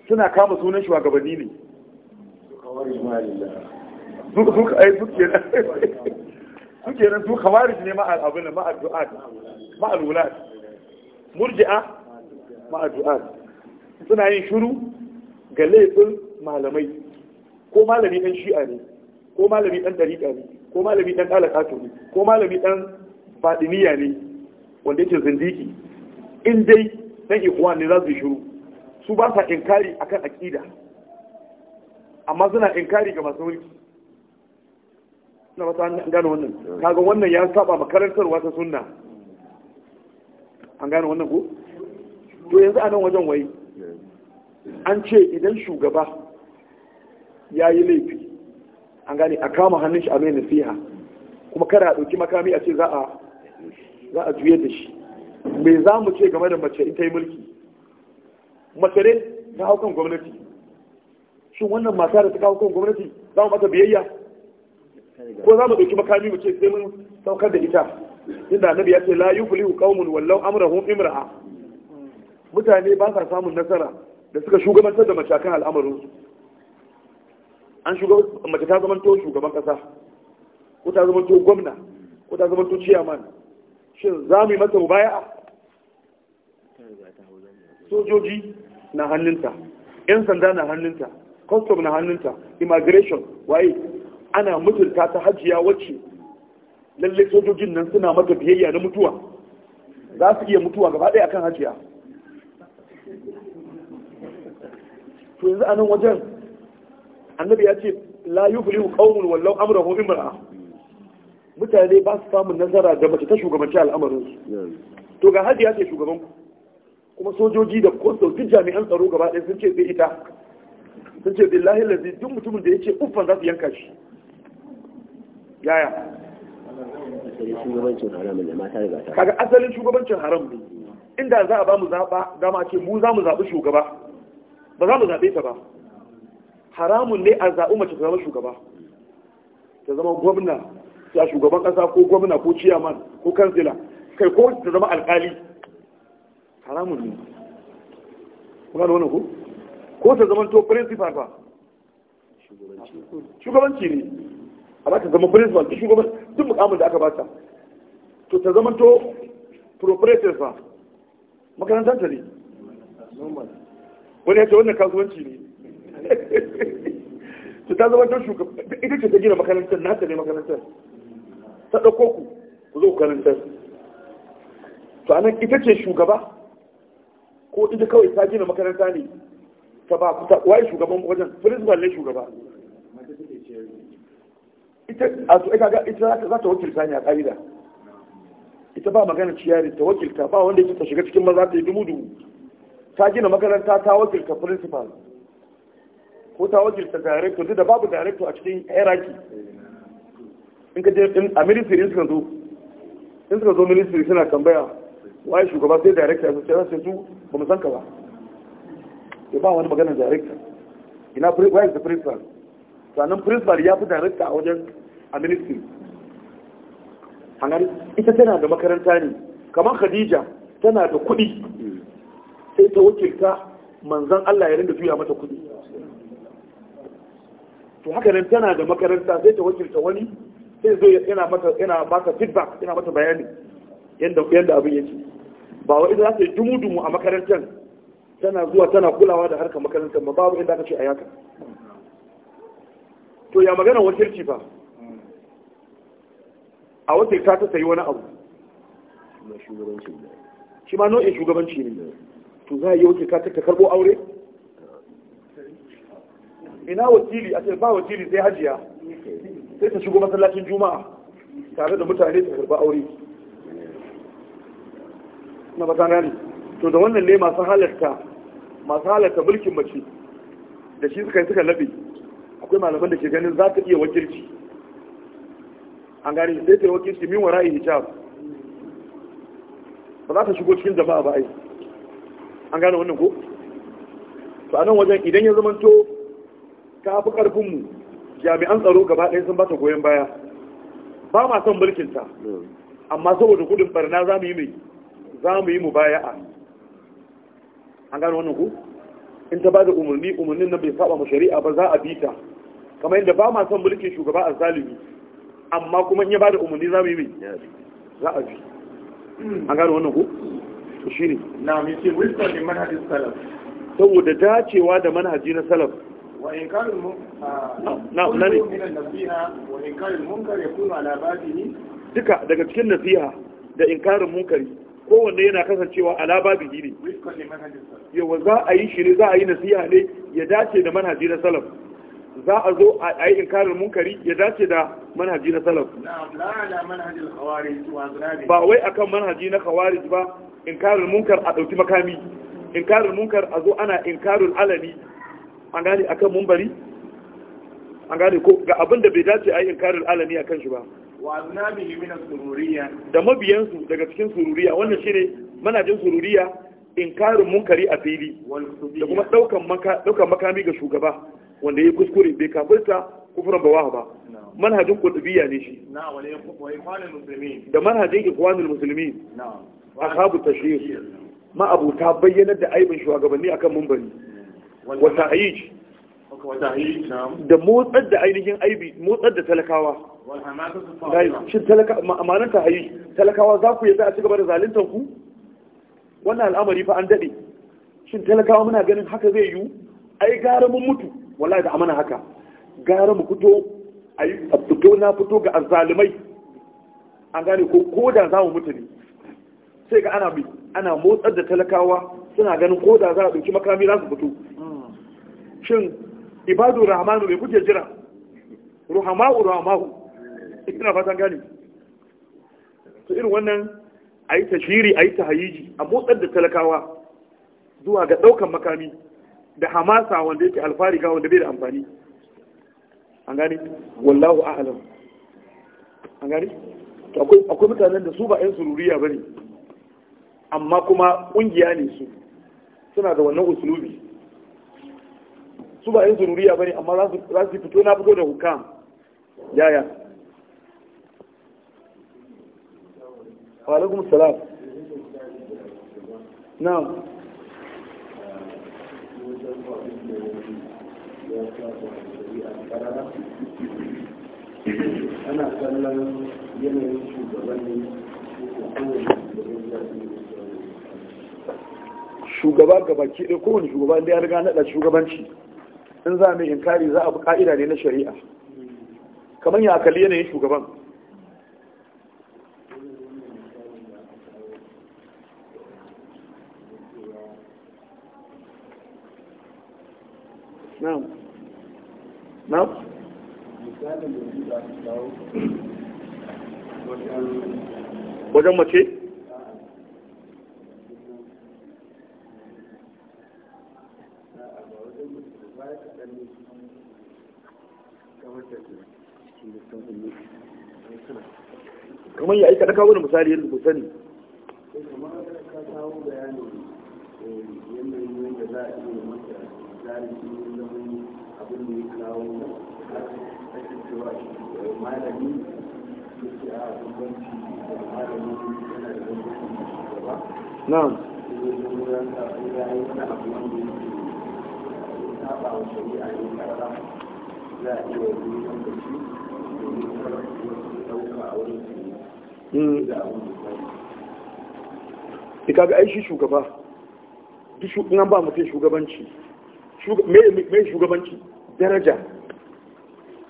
suna kama sunan shugabanni ne su ka ai su <laughs> su nan su khawarij ne ma'al ne ma'al du'at ma'al wulat murji'a ma'al du'at suna yin shiru ga laifin malamai ko malami dan shi'a ne ko malami dan dariƙa ne ko malami dan alaƙato ne ko malami dan fadiniya ne wanda yake zindiki in dai dan ikhwan ne za su shiru su ba sa inkari akan aqida amma suna inkari ga masu mulki na wata an gane wannan kaga wannan ya saba makarantarwa ta sunna an gane wannan ko to yanzu a nan wajen wai an ce idan shugaba ya yi laifi an gane a kama hannun shi a mai nasiha kuma kada a ɗauki makami a ce za a za a juye da shi me za mu ce game da mace in ta yi mulki mace ne ta hau kan gwamnati shin wannan mata da ta kawo kan gwamnati za mu mata biyayya ko za mu ɗauki makami mu ce sai mun saukar da ita inda annabi ya ce la yuflihu qaumun wallau amrahum imra'a mutane ba sa samun nasara da suka shugabantar da matakan al'amarinsu an shugaban mace ta zamanto shugaban kasa ko ta zamanto gwamna ko ta zamanto ciyaman shin za mu yi masa mubaya'a sojoji na hannunta yan sanda na hannunta custom na hannunta immigration waye ana mutunta ta hajiya wacce lalle sojojin nan suna maka biyayya na mutuwa za su iya mutuwa gaba ɗaya akan hajiya to yanzu a nan wajen annabi ya ce la yuflihu qaumun wallau amrahu imra mutane ba su samun nazara da mace ta shugabanci al'amarin su to ga hajiya ce shugaban ku kuma sojoji da kwasto duk jami'an tsaro gaba ɗaya sun ce zai ita sun ce billahi lazi duk mutumin da ya ce uffan za su yanka shi yaya kaga asalin shugabancin haram ne inda za a ba mu zaɓa dama ce mu za mu zaɓi shugaba ba za mu zaɓe ta ba haramun ne a zaɓi mace ta zama shugaba ta zama gwamna ta shugaban ƙasa ko gwamna ko ciyaman ko kansila kai ko ta zama alƙali haramun ne kuma da wani ko ko ta zama to principal ba shugabanci ne a ba ta zama principal duk shugaban duk mukamin da aka ba ta to ta zama to proprietor fa makarantar ta ne wani ya ce wannan kasuwanci ne to ta zama to shugaban ita ce ta gina makarantar na ta ne makarantar ta ɗauko ku ku zo karantar to anan ita ce shugaba ko ita kawai ta gina makaranta ne ta ba ku ta waye shugaban wajen principal ne shugaba ita a to eh, ita ga ita za ta wakilta ne a ƙa'ida ita ba magana ciyari ta wakilta ba wanda yake ta shiga cikin maza ta yi dubu dubu ta gina makaranta ta wakilta principal ko ta wakilta director duk da babu director a cikin hierarchy in ka je a ministry in suka zo in suka zo ministry suna tambaya Wa waye shugaba sai director su sai su ba mu san ka ba ya ba wani magana director ina wa waye the principal sannan principal ya fi darakta a wajen a ministry hangar ita tana da makaranta ne kamar khadija tana da kuɗi sai ta wakilta manzan Allah ya da juya mata kuɗi to haka nan tana da makaranta sai ta wakilta wani sai zai yana mata yana mata feedback yana mata bayani yanda yanda abin yake ba wai za ta yi dumu-dumu a makarantar tana zuwa tana kulawa da harkar makarantar ba babu inda aka ce a yaka to ya magana wakilci ba a wakilta ta sayi wani abu shi ma nau'in shugabanci ne to za a yi wakilta ta karbo aure ina wakili a ba wakili sai hajiya sai ta shigo masallacin juma'a tare da mutane ta karba aure na ba ta to da wannan ne masu halarta masu halarta mulkin mace da shi suka yi suka labe akwai malaman da ke ganin za ta iya wakilci an gani sai ta yi wakilci min wara'i hijab ba za ta shigo cikin jama'a ba yi an gane wannan ko to nan wajen idan ya to ta fi karfinmu jami'an tsaro gaba ɗaya sun ba ta goyon baya ba ma son mulkinta amma saboda gudun barna za mu yi mai za mu yi mu baya a an gane wannan ku in ta ba da umarni umarnin na bai saba ma shari'a ba za a bi ta kamar yadda ba ma son mulkin shugaba a zalimi amma kuma in ya ba da umarni za mu yi za a bi an gano wannan ku? shi ne na mace wisdom ne manhajin salaf saboda dacewa da manhaji na salaf wa mu na na ne wa mun munkar ya kuna labari duka daga cikin nasiha da inkarin munkari kowanne yana kasancewa alababi ne yawa za a yi shi ne za a yi nasiha ne ya dace da manhaji na salaf za a zo a yi inkarin munkari ya dace da manhaji na salaf ba wai akan manhaji na khawarij ba inkarin munkar a dauki makami inkarin munkar a zo ana inkarin alami, an gane akan mumbari an gane ko ga abin da bai dace a yi inkarin a kan shi ba da mabiyansu daga cikin sururiya wannan shi ne manhajin sururiya inkarin munkari a fili da kuma daukan makami ga shugaba wanda ya kuskure bai kafirta kufuran bawa ba manhajin qutubiyya ne shi da manhajin ikwanul muslimin ashabu tashhir ma abuta bayyanar da aibin shugabanni akan mumbari Wata ta'yij da motsar da ainihin aibi motsar da talakawa shin ma'anar ta hayi talakawa za ku yadda a cigaba da zalintar ku wannan al'amari fa an daɗe shin talakawa muna ganin haka zai yiwu ai gara mun mutu wallahi da amana haka gara mu fito a fito na fito ga azalimai an gane ko ko da za mu mutu ne sai ga ana ana motsar da talakawa suna ganin ko da za a ɗauki makami za su fito shin ibadu rahmanu bai kuke jira ruhamahu ruhamahu ina fatan gane to irin wannan a yi tashiri a yi tahayiji a motsar da talakawa zuwa ga daukan makami da hamasa wanda yake alfarika wanda bai da amfani an gani wallahu a'lam an gani akwai akwai mutanen da su ba yan sururiya bane amma kuma kungiya ne su suna da wannan usulubi su ba yan sururiya bane amma za su fito na fito da hukam yaya wa alaikum salam na'am ana kallon yanayin shugabanni shugaba ɗaya kowane shugaba da ya riga naɗa shugabanci in za mai inkari za a ƙa'ida ne na shari'a kamar ya kalli yanayin shugaban na'am na'am wajen mace kamar ya aika da kawo da misali yadda ku sani malami yake a ah, bambanci da malami yana da bambanci da shugaba wani yake eh, saba ne za a iya shi a wani hmm. shugaba duk an ba mutum shugabanci mai shugabanci daraja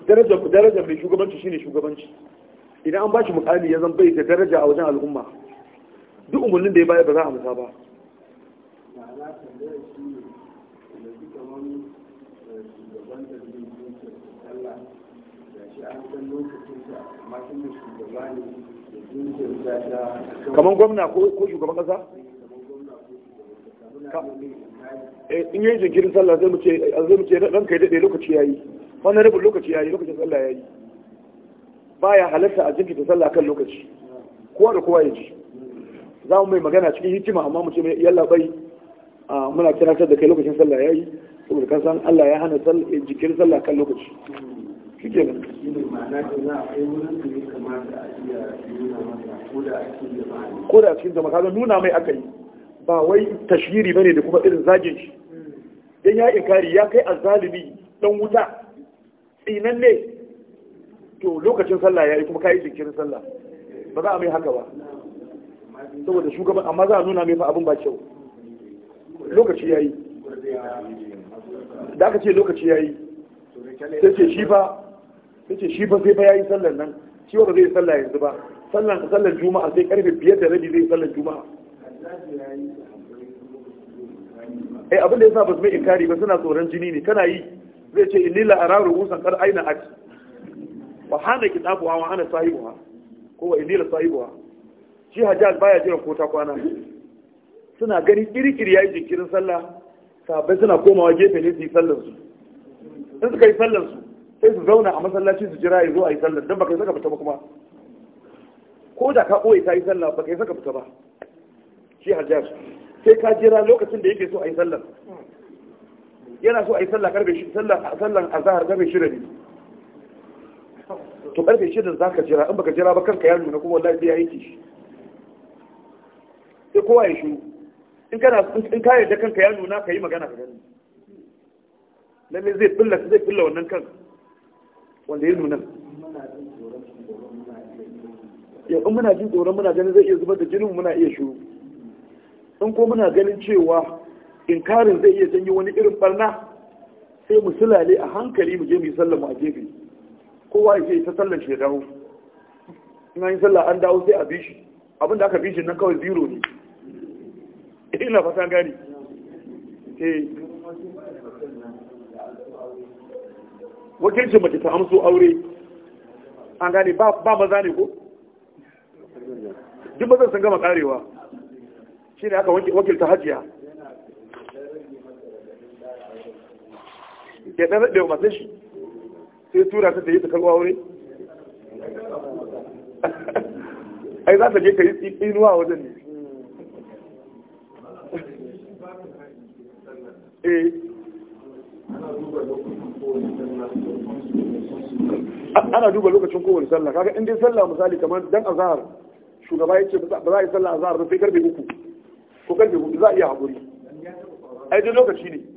Daraja mai shugabanci shine shugabanci idan an bashi mukami ya zan bai da daraja a wajen al'umma duk umarnin da ya bayar ba za a musa ba kamar gwamna ko shugaban kasa eh, in yi jinkirin sallah zai mu ce ranka ya daɗe lokaci ya yi wannan rabin lokaci yayi lokacin sallah yayi ya halatta a jinkita sallah kan lokaci kowa da kowa ya ji za mu mai magana cikin hikima amma mu ce mai yalla bai muna tunatar da kai lokacin sallah yayi saboda kan san Allah ya hana jikin sallah kan lokaci shike nan ko da cikin jama'a kaga nuna mai aka yi ba wai tashiri bane da kuma irin zagin shi hmm. dan ya inkari ya kai azzalimi dan wuta tsinan ne to lokacin sallah ya yi kuma kayi jinkirin sallah ba za a mai haka ba saboda shugaban amma za a nuna mai fa abin ba kyau lokaci ya yi da aka ce lokaci ya yi sai ce shi fa sai ce shi fa sai fa ya yi sallan nan shi ba zai sallah yanzu ba sallan sallan juma'a sai karfe biyar da rabi zai sallan juma'a eh abin da yasa ba su mai inkari ba suna tsoron jini ne kana yi zai ce inni la ara rubusan kar aina aki wa hana kitabuha wa hana sahibuwa ko wa inni la sahibuwa shi hajjaj baya jiran ko ta kwana suna gani kirkiri yayi jinkirin sallah sabai suna komawa gefe ne su yi sallar su in suka yi sallar su sai su zauna a masallaci su jira ya zo a yi sallar don baka yi saka fita ba kuma ko da ka ɓoye ta yi sallah baka yi saka fita ba shi hajjaj sai ka jira lokacin da yake so a yi sallar yana so a yi sallah karfe sallan azahar karfe shida ne to karfe shida za ka jira in baka jira ba kanka ya nuna kuma wallahi sai ya aiki shi sai kowa ya shiru in kana in ka yarda kanka ya nuna ka yi magana ka gani lalle zai fulla zai fulla wannan kan wanda ya nuna ya in muna jin tsoron muna ganin zai iya zubar da jinin muna iya shiru in ko muna ganin cewa inkarin zai iya janyo wani irin barna sai mu sulale a hankali mu je mu yi sallah mu a gefe kowa ya ce ta sallar shi ya dawo in an yi sallah an dawo sai a bishi. abinda aka bishi nan kawai zero ne ina fata gani eh. wakilcin mace ta amso aure an gane ba maza ne ko duk mazan sun gama karewa shi ne aka wakilta hajiya ya ɗan raɗe wa shi sai tura ta yi ta kalwa aure ai za ta je ka yi tsinuwa wajen ne eh. ana duba lokacin kowane sallah kaga in dai sallah misali kamar dan azhar shugaba ya ce ba za a yi sallah azhar ba sai karfe uku ko karfe hudu za a iya haƙuri ai dai lokaci ne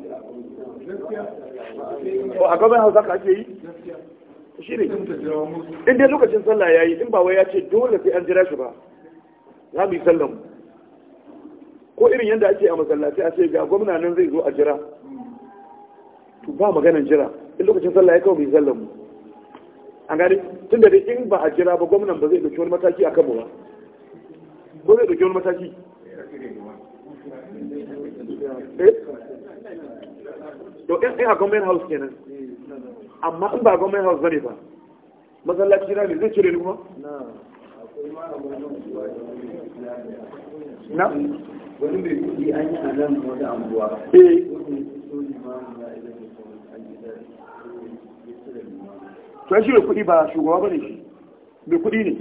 ko a gaban hausa ka ake yi shi ne in dai lokacin sallah ya yi in ba wai ya ce dole sai an jira shi ba za mu yi sallan ko irin yadda ake a masallaci a ce ga gwamna nan zai zo a jira to ba maganan jira in lokacin sallah ya kawo mu yi sallan mu an gani tun da dai in ba a jira ba gwamnan ba zai ɗauki wani mataki a kanmu ba ko zai ɗauki wani mataki eh? to in a government house kenan amma in ba government house bane ba masallaci na ne zai cire ni kuma na wani mai kudi an yi a nan wani anguwa eh to shi da kudi ba shugaba bane shi mai kudi ne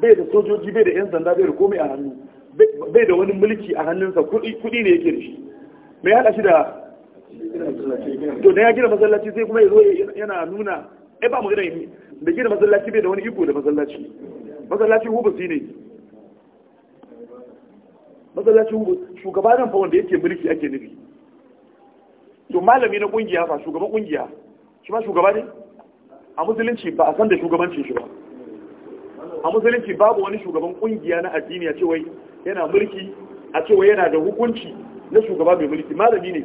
bai da sojoji bai da yan sanda bai da komai a hannu bai da wani mulki a hannunsa kudi ne yake da shi mai hada shi da to da ya gina masallaci sai kuma yazo yana nuna eh ba mu gina yi da gina masallaci bai da wani iko da masallaci masallaci hubusi ne masallaci hubus shugaba nan fa wanda yake mulki ake nufi to malami na kungiya fa shugaban kungiya shi ma shugaba ne a musulunci ba a san da shugabancin shi ba a musulunci babu wani shugaban kungiya na addini a cewa yana mulki a cewa yana da hukunci na shugaba mai mulki malami ne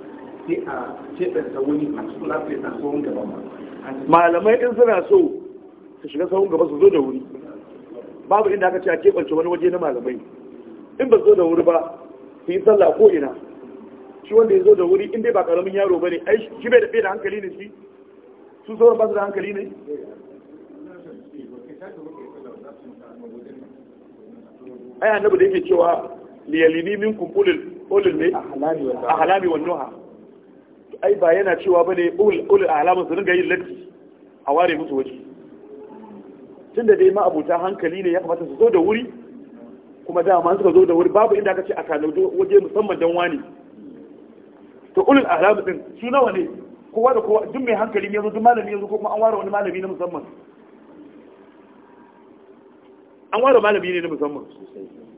sai a wani a cikin lafiya na malamai in suna so su shiga tsohon gaba su zo da wuri babu inda aka ce a keɓance wani waje na malamai in ba zo da wuri ba su yi sallah ko ina shi wanda ya zo da wuri in dai ba karamin yaro ba ne ai shi bai da fiye da hankali ne shi su sauran ba su da hankali ne ai annabi da yake cewa liyalini minkum ulul ulul ne halami wa nuha ai ba yana cewa ba ne ul alamun su ringa yin latti a ware musu waje tun da dai ma'abuta hankali ne ya kamata su zo da wuri kuma dama suka zo da wuri babu inda aka ce a kano waje musamman don wani to ulul alamu din su nawa ne kowa da kowa duk mai hankali yanzu duk malami yanzu ko kuma an ware wani malami na musamman an ware malami ne na musamman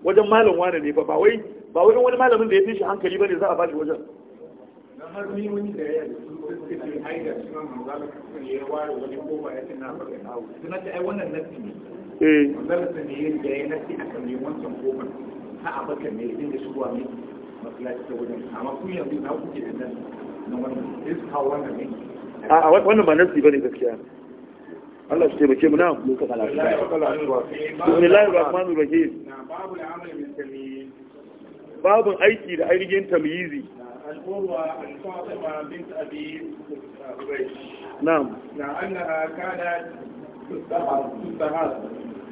wajen malam wane ne ba wai ba wai wani malamin da ya fi shi hankali bane za a bashi wajen har ni wani da ya suke ce ai da sunan manzala kusan ya ware wani ko ya ce na faɗin hawo suna ce ai wannan nasi ne eh manzala sun yi da ya nasi a kan wancan kofar ta a abakar ne da shigowa ne masallaci ta wajen amma kun yanzu na kuke da nasi na wannan sai su kawo wannan ne a wannan ba nasi bane gaskiya Allah shi taimake mu na mu ka kala. Bismillahir Rahmanir Rahim. Babul amali bil tamyiz. Babun aiki da ainihin tamyizi. الأروى عن فاطمة بنت أبي أبي نعم لأنها كانت تستهار تستهار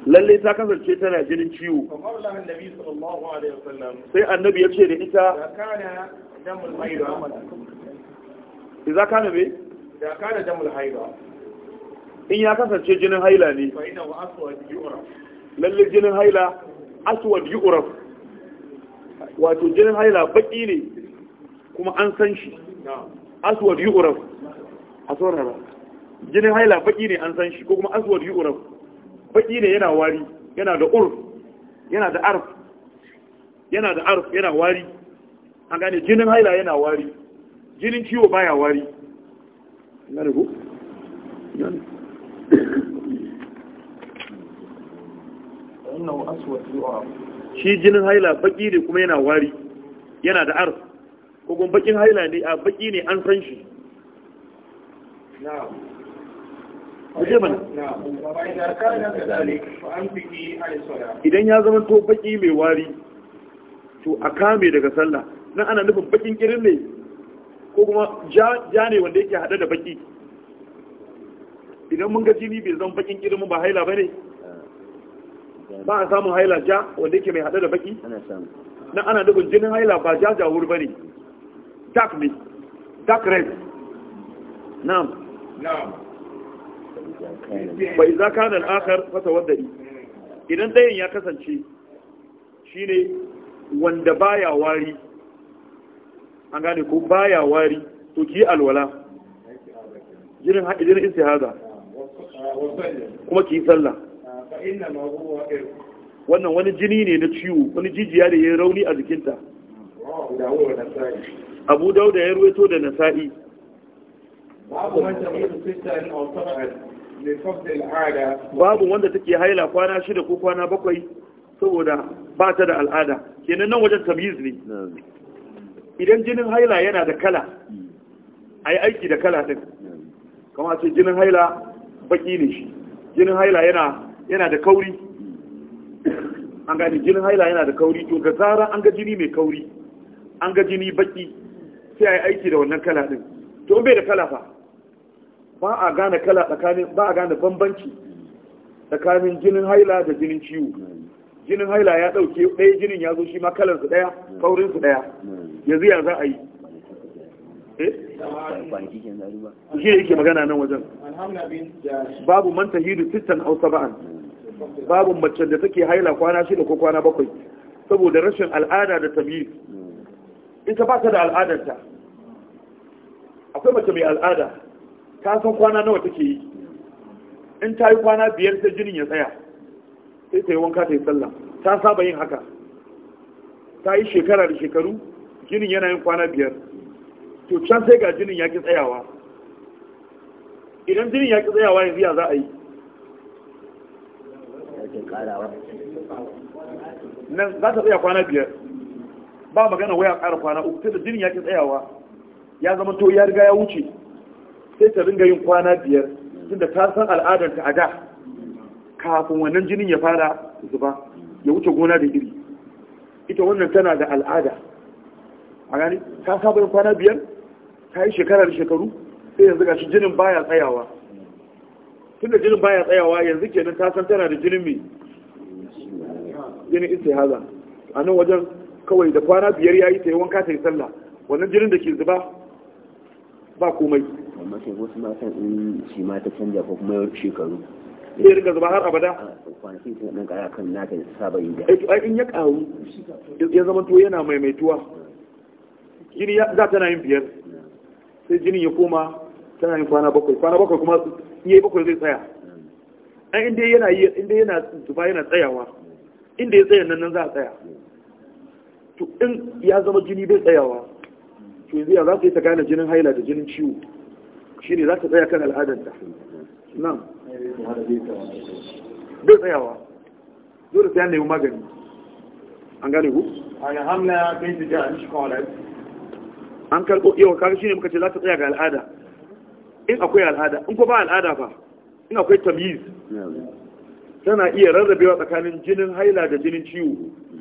lalle ta kasance tana jinin ciwo sai annabi ya ce da ita iza kana me? da kana damul haila in ya kasance jinin haila ne lalle jinin haila aswad Uraf. wato jinin haila baki ne kuma an san shi aswad yu'raf a saurara jinin haila baki ne an san shi ko kuma aswad yu'raf baki ne yana wari yana da urf yana da arf yana da arf yana wari an gane jinin haila yana wari jinin ciwo baya wari ngane ko shi jinin haila baki ne kuma yana wari yana da arf kogon bakin haila ne a baki ne an san shi idan ya zama to baki mai wari to a kame daga sallah nan ana nufin bakin kirin ne ko kuma ja ne wanda yake hada da baki idan mun ga jini bai zama bakin kirin ba haila ba ne ba a samun haila ja wanda yake mai hada da baki nan ana nufin jinin haila ba ja jawur ba ne dark me dark red na'am na'am fa idza kana al-akhar fatawaddai idan dayan ya kasance shine wanda baya wari an gane ko baya wari to ki alwala jirin jirin istihaza kuma ki sallah wannan wani jini ne na ciwo wani jijiya da ya rauni a jikinta abu dauda ya ruwaito da nasa'i babu wanda take haila kwana shida ko kwana bakwai saboda ba ta da al'ada kenan nan wajen tamiz ne idan jinin haila yana da kala a yi aiki da kala din kama ce jinin haila baki ne shi jinin haila yana da kauri an gani jinin haila yana da kauri to ga zara an ga jini mai kauri an ga jini baki sai a yi aiki da wannan kala ɗin to in bai da kala fa ba a gane kala tsakanin ba a gane bambanci tsakanin jinin haila da jinin ciwo jinin haila ya ɗauke ɗaya jinin ya zo shi ma kalansu ɗaya su ɗaya yanzu ya za a yi shi eh? yake magana nan wajen babu man tahidu sittan aw sab'an babu mace da take haila kwana shida ko kwana bakwai saboda rashin al'ada da tabiyyar ita ba baka da al'adarta akwai mace mai al'ada ta san kwana nawa take yi in ta yi kwana biyar sai jinin ya tsaya sai ta yi wanka ta yi sallah ta saba yin haka ta yi shekara da shekaru jinin yana yin kwana biyar to can sai ga jinin ya ki tsayawa idan jinin ya ki tsayawa yanzu ya za a yi nan za ta tsaya kwana biyar ba magana waya ƙara kwana uku sai da jinin ya ki tsayawa ya zama to ya riga ya wuce sai ta ringa yin kwana biyar tunda ta san al'adar ta a da kafin wannan jinin ya fara zuba ya wuce gona da iri ita wannan tana da al'ada a gani ta saba yin kwana biyar ta yi shekara da shekaru sai yanzu ga shi jinin baya tsayawa tunda jinin baya tsayawa yanzu kenan ta san tana da jinin mai jinin haza a nan wajen kawai da kwana biyar ya yi ta yi wanka ta yi sallah wannan jinin da ke zuba ba komai amma sai wasu matan in shi ma ta canja ko kuma shekaru ya rika zuba har abada Kwanaki sun nan ƙara kan nata da saba yi da eh, ai in ya ƙaru ya zama to yana maimaituwa jini za tana yin biyar sai jini ya koma tana yin kwana bakwai kwana bakwai kuma in yi bakwai zai tsaya an inda yana zuba yana tsayawa inda ya tsaya nan nan za a tsaya to in ya zama jini bai tsayawa to yanzu ya za ta yi ta gane jinin haila da jinin ciwo shi ne za ka tsaya kan al'adanta nan bai tsayawa dole sai an nemi magani an gane ku? an karɓo yawan kaga shi ne muka ce za ka tsaya ga al'ada in akwai al'ada in ko ba al'ada ba in akwai tamiz tana iya rarrabewa tsakanin jinin haila da jinin ciwo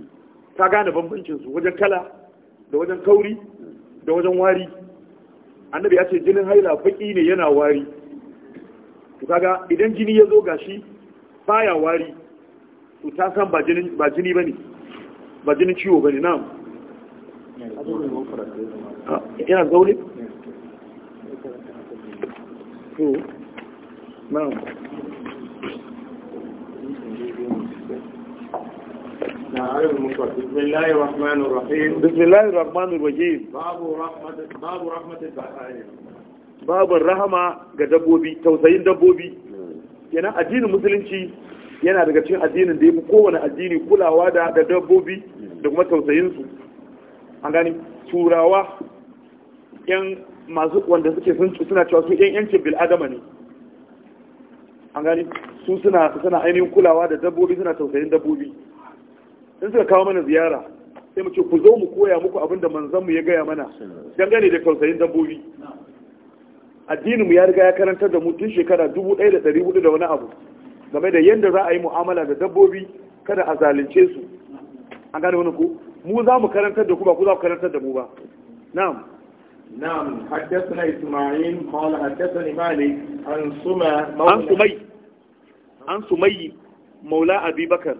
ta gane bambancin su wajen kala da wajen kauri da wajen wari annabi ya ce jinin haila baki ne yana wari to kaga idan jini ya zo gashi baya wari to ta san ba jini ba jini bane ba jinin ciwo bane na? yana zaune to na'am بسم الله الرحمن الرحيم بسم الله الرحمن الرحيم باب رحمة باب رحمة البهائم باب الرحمة ga dabbobi tausayin dabbobi kenan addinin musulunci yana daga cikin addinin da yafi kowane addini kulawa da da dabbobi da kuma tausayin su an gani turawa yan masu wanda suke sun suna cewa su yan yancin bil adama ne an gani su suna suna ainihin kulawa da dabbobi suna tausayin dabbobi in suka kawo mana ziyara sai mu ce ku zo mu koya muku abin da mu ya gaya mana dangane da tausayin dabbobi addinin mu ya riga ya karantar da mu tun shekara 1400 da wani abu game da yadda za a yi mu'amala da dabbobi kada a zalunce su an gane wani ku mu za mu karantar da ku ba ku za ku karantar da mu ba na'am na'am haddathana isma'il qala haddathani malik an suma an sumay an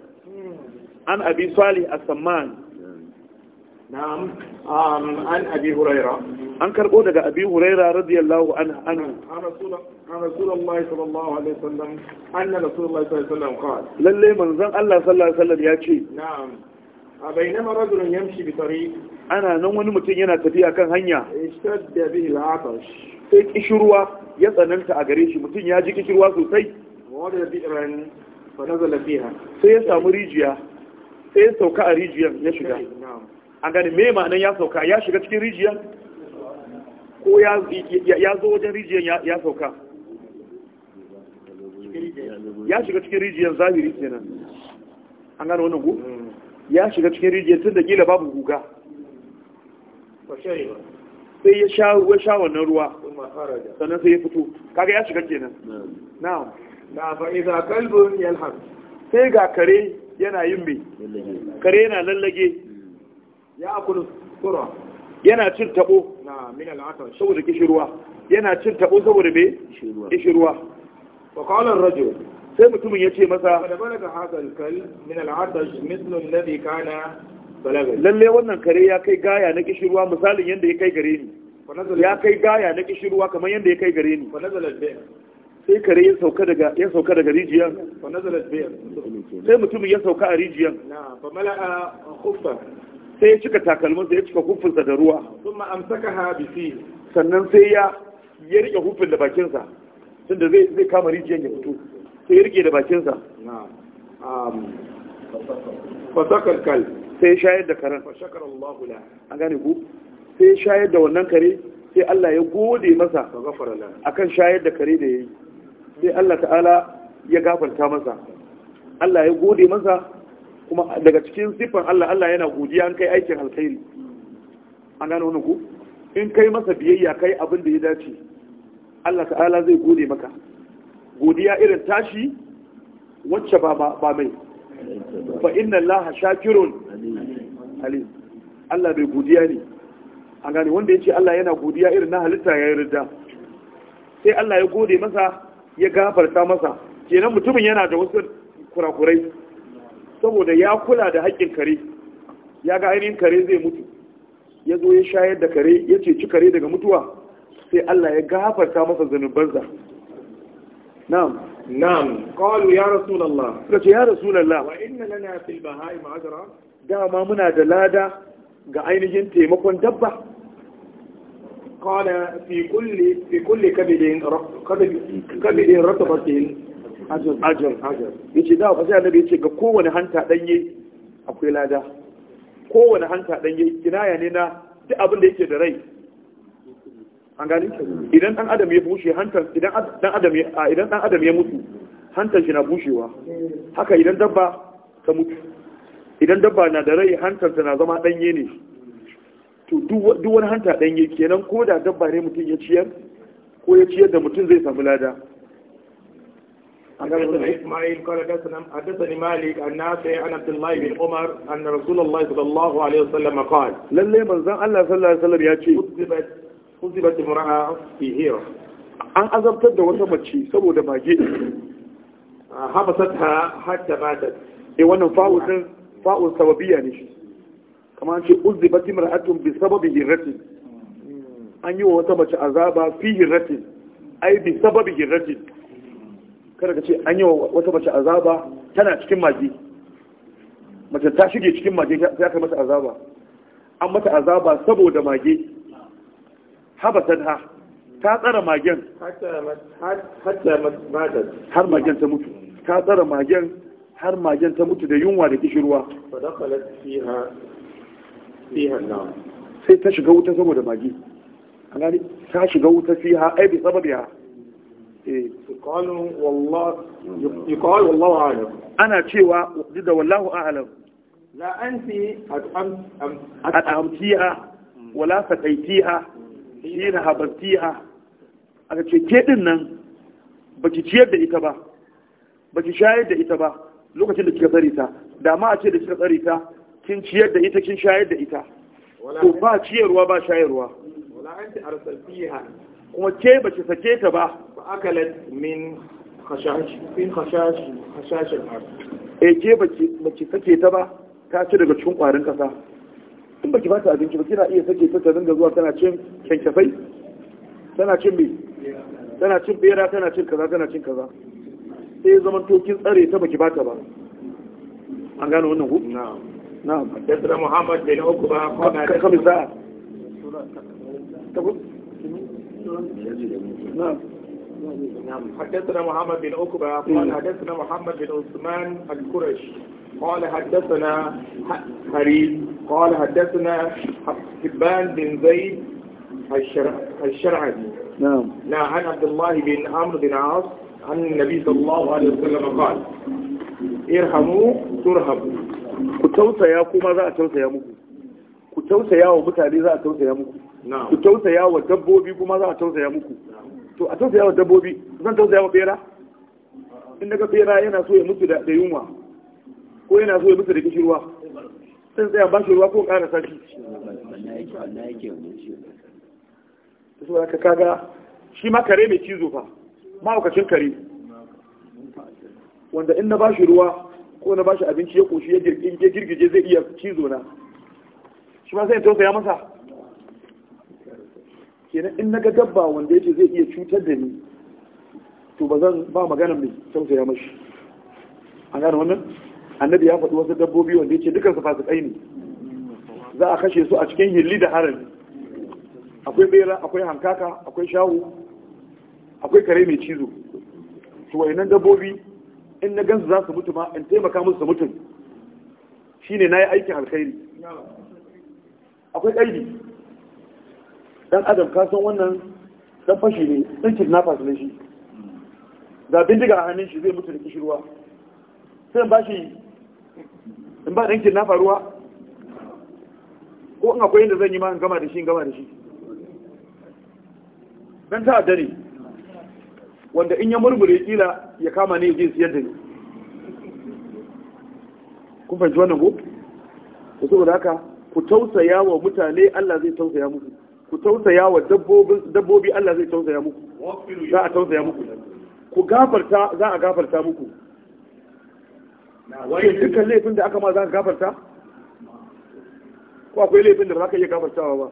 an abi salih a samman na'am an abi huraira an karbo daga abi huraira radiyallahu an rasulullahi lalle manzon Allah sallallahu alaihi wasallam ya ce na'am a bainama rajulun yamshi bi ana nan wani mutum yana tafiya kan hanya ishtadda bihi al-atash sai ya tsananta a gare shi mutum ya ji kishirwa sosai wa da bi'ran fa nazala fiha sai ya samu rijiya sai ya sauka a rijiyar ya shiga an gani me ma'anan ya sauka ya shiga cikin rijiyar ko ya zo wajen rijiyar ya sauka ya shiga cikin rijiyar zahiri kenan an gani wani gu ya shiga cikin rijiyar tun da gila babu guga sai ya sha ruwa sha wannan ruwa sannan sai ya fito kaga ya shiga kenan na fa ga qalbun Yalhan sai ga kare yana yin mai kare yana lallage ya akulu kura. yana cin tabo saboda kishirwa yana cin tabo saboda mai kishirwa wa ar rajo sai mutumin ya ce masa da balaga hazal kal min al'atash mithlu alladhi kana balaga lalle wannan kare ya kai gaya na kishirwa misalin yanda ya kai gare ni ya kai gaya na kishirwa kamar yanda ya kai gare ni sai kare ya sauka daga ya sauka daga rijiyan sai mutumin ya sauka a khuffa sai ya cika takalminsa ya cika kufinsa da ruwa sannan sai ya ya rike kufin da bakinsa tunda zai zai kama rijiyan ya fito sai ya rike da bakinsa fasakar kal sai shayar da karen an gane ku sai shayar da wannan kare sai Allah ya gode masa akan shayar da kare da ya yi sai Allah ta'ala ya gafarta masa Allah ya gode masa kuma daga cikin siffan Allah Allah yana godiya an kai aikin alkhairi an gano wani ku in kai masa biyayya kai abin da ya dace Allah ta'ala zai gode maka godiya irin tashi wacce ba ba mai fa inna Allah shakirun alim Allah bai godiya ne an gane wanda ce Allah yana godiya irin na halitta yayin da. sai Allah ya gode masa ya gafarta masa kenan mutumin yana da wasu kurakurai saboda ya kula da haƙƙin kare ya ga ainihin kare zai mutu ya zo ya shayar da kare ya ceci kare daga mutuwa sai Allah ya gafarta masa zanubarza na'am na'am qalu ya rasulullah kace ya rasulullah wa inna lana fil bahaim ajra dama muna da lada ga ainihin taimakon dabba قال في كل في كل كبد كبد رطبة أجر أجر أجر يجي ده فزي النبي يجي كون هنتا دنيي أكو لادا كون هنتا دنيي ne نينا duk abin da yake da rai an gani idan dan adam ya bushe hantar idan dan adam ya idan dan adam ya mutu shi na bushewa haka idan dabba ta mutu idan na da rai hantar ta na zama danye ne to duk wani hanta ɗan yi kenan ko da dabba ne mutum ya ciyar ko ya ciyar da mutum zai samu lada حدثنا اسماعيل قال حدثنا حدثني a عن نافع عن عبد الله بن عمر ان رسول الله صلى الله عليه وسلم قال لله من ذا الله صلى الله عليه وسلم ياتي خذبت خذبت wata mace saboda mage wannan fa'u din fa'u ne kamar ce uzibat imra'atun bi sababi hirratin an yi wa wata mace azaba fi hirratin ai bi sababi hirratin kada ka ce an yi wa wata mace azaba tana cikin mage mace ta shige cikin mage ya kai mata azaba an mata azaba saboda mage habatan ha ta tsara magen har magen ta mutu ta tsara magen har magen ta mutu da yunwa da kishirwa sai ta shiga wuta saboda magi an gani ta shiga wuta fiha ai bi sababiha eh. yuqalu wallahu a'lam ana cewa da wallahu a'lam la anti at'amtiha wala saqaitiha hina habartiha A ce ke din nan baki ciyar da ita ba baki shayar da ita ba lokacin da kika tsarita. Dama a ce da kika tsarita. kin ciyar da ita kin shayar da ita to ba ciyarwa ba shayarwa wala anti fiha kuma ke ki sake ta ba Ba akalat min khashash min khashash khashash al-ard eh ke ba ki sake ta ba ta ci daga cikin kwarin kasa in baki ba ta abinci ba kina iya sake ta ta dinga zuwa tana cin kyankyafai tana cin bi tana cin bera tana cin kaza tana cin kaza sai zaman tokin tsare ta baki ba ta ba an gano wannan hukunci na'am نعم حدثنا محمد بن عقبة قال نعم. نعم حدثنا محمد بن عقبة قال حدثنا محمد بن عثمان الكرش قال حدثنا حريم قال حدثنا حبان بن زيد الشرعي نعم لا عن عبد الله بن عمرو بن عاص عن النبي صلى الله عليه وسلم قال ارحموا ترهبوا ku tausaya kuma za a tausaya muku ku tausaya wa mutane za a tausaya muku ku tausaya wa dabbobi kuma za a tausaya muku to a tausaya wa dabbobi zan tausaya wa bera in daga bera yana so ya mutu da yunwa ko yana so ya mutu da kishirwa sai tsaya ba shi ruwa ko ƙara sashi su ka kaga shi ma kare mai cizo fa Ma'aukacin kare wanda in na ba shi ruwa ko na bashi abinci ya koshi ya girgije zai iya cizo na shi ma sai tausaya masa kenan in naga dabba wanda yake zai iya cutar da ni to ba zan ba magana mai tausaya mashi an gane wannan annabi ya faɗi wasu dabbobi wanda yake dukan su fasikai ne za a kashe su a cikin hilli da harin akwai bera akwai hankaka akwai shawo akwai kare mai cizo to wayannan dabbobi in na gansu za su mutu ma in taimaka musu su mutu ne na yi aikin alkhairi akwai ƙaidi dan adam ka san wannan dan fashi ne dan kidnappers ne shi ga bindiga a hannun shi zai mutu da kishirwa sai ba shi in ba ɗan kidnapper ruwa ko in akwai yadda zan yi ma in gama da shi in gama da shi dan ta dare wanda in ya murmure kila ya kama ne zai siyar da ni kun fahimci wannan ko to saboda haka ku tausaya wa mutane Allah zai tausaya muku ku tausaya wa dabbobi Allah zai tausaya muku za a tausaya muku ku gafarta za a gafarta muku shin dukkan laifin da aka ma za ka gafarta ko akwai laifin da ba ka iya gafartawa ba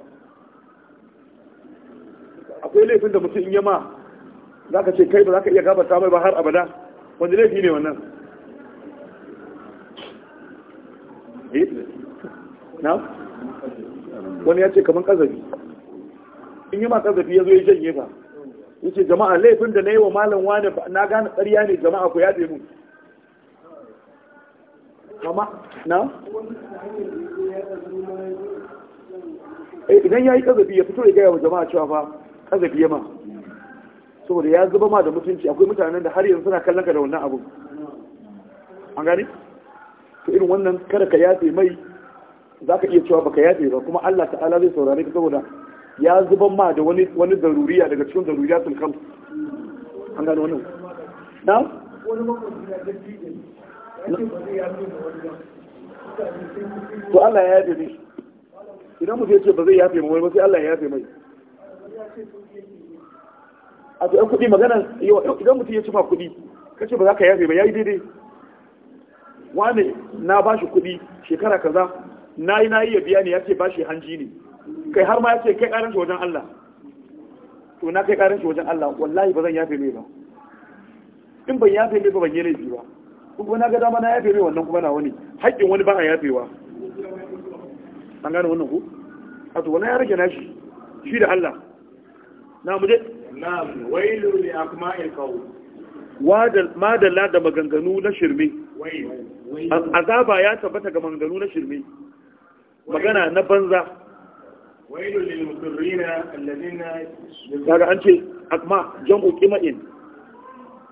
akwai laifin da mutum in ma. za ka ce kai ba za ka iya gabata mai ba har abada wanda laifi ne wannan eh? na wani ya ce kamar kazafi in yi ma kazafi ya zo ya janye ba ya ce jama'a laifin da na yi wa malin wani na gane tsariya ne jama'a ku ya mu kama na eh, idan ya yi kazafi ya fito ya gaya wa jama'a cewa ba kazafi ya ma saboda ya zuba ma da mutunci akwai mutanen da har yanzu suna kallon ka da wannan abu an gani to irin wannan kada ka yafe mai za ka iya cewa baka yafe ba kuma Allah ta'ala zai saurare ka saboda ya zuba ma da wani wani daruriya daga cikin sun kan an gani wannan na to Allah ya yafe ne idan mutum ya ce ba zai yafe mai ba sai Allah ya yafe mai a to kuɗi magana idan mutum ya cifa kuɗi kace ba za ka yafe ba ya yi daidai wane na ba shi kuɗi shekara kaza na yi na yi ya biya ne ya ce ba shi hanji ne kai har ma ya ce kai shi wajen Allah to na kai shi wajen Allah wallahi ba zan yafe mai ba in ban yafe mai ba ban yi laifi ba kuma na ga dama na yafe mai wannan kuma na wani haƙƙin wani ba a yafewa an gane wannan ku a to wannan ya rage nashi shi da Allah na mu na'am wailu li akma'il qawl madalla da maganganu na shirme azaba ya tabbata ga maganganu na shirme magana na banza wailu lil daga an ce akma jam'u qima'in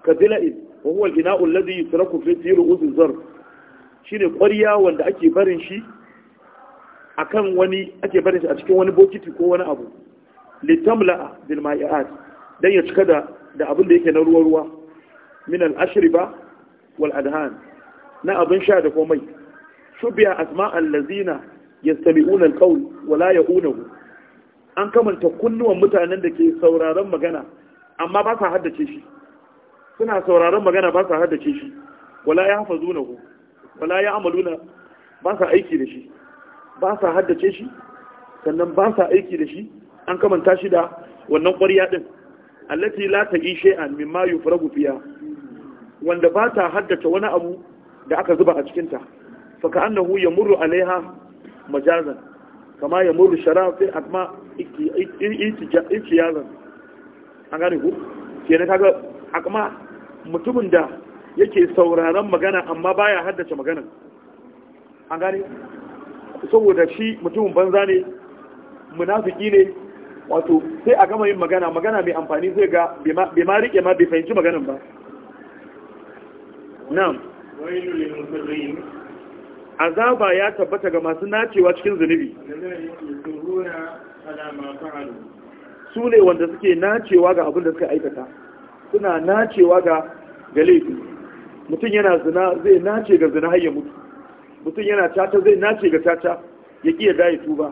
kadila'in wa huwa al-gina'u alladhi yusraku fi tiru uzun zar ne ƙwarya wanda ake barin shi akan wani ake barin shi a cikin wani bokiti ko wani abu litamla'a bil ma'i'at dan ya cika da da abin da yake na ruwa ruwa min al-ashriba wal adhan na abin sha da komai shubiya asma allazina yastami'una al-qawl wa la ya'unahu an kamanta kunnuwan mutanen da ke sauraron magana amma ba sa haddace shi suna sauraron magana ba sa haddace shi wala ya hafazu na wala ya amaluna ba sa aiki da shi ba sa haddace shi sannan ba sa aiki da shi an kamanta shi da wannan ƙwarya ɗin allati la ta'i shay'an mimma yufragu fiha wanda ba ta haddace wani abu da aka zuba a cikin ta fa ka annahu yamurru alaiha majazan kama yamurru sharab fil atma ittijazan an gane ku kenan kaga akma mutumin da yake sauraron magana amma baya haddace magana an gane saboda shi mutumin banza ne munafiki ne wato sai a gama yin magana magana mai amfani zai ga bai ma rike ma bai fahimci maganin ba nan azaba ya tabbata ga masu nacewa cikin zunubi su ne wanda suke nacewa ga abin da suka aikata suna nacewa ga galibi mutum yana zina zai nace ga zina har ya mutu mutum yana caca zai nace ga caca ya ƙi ya gaya tuba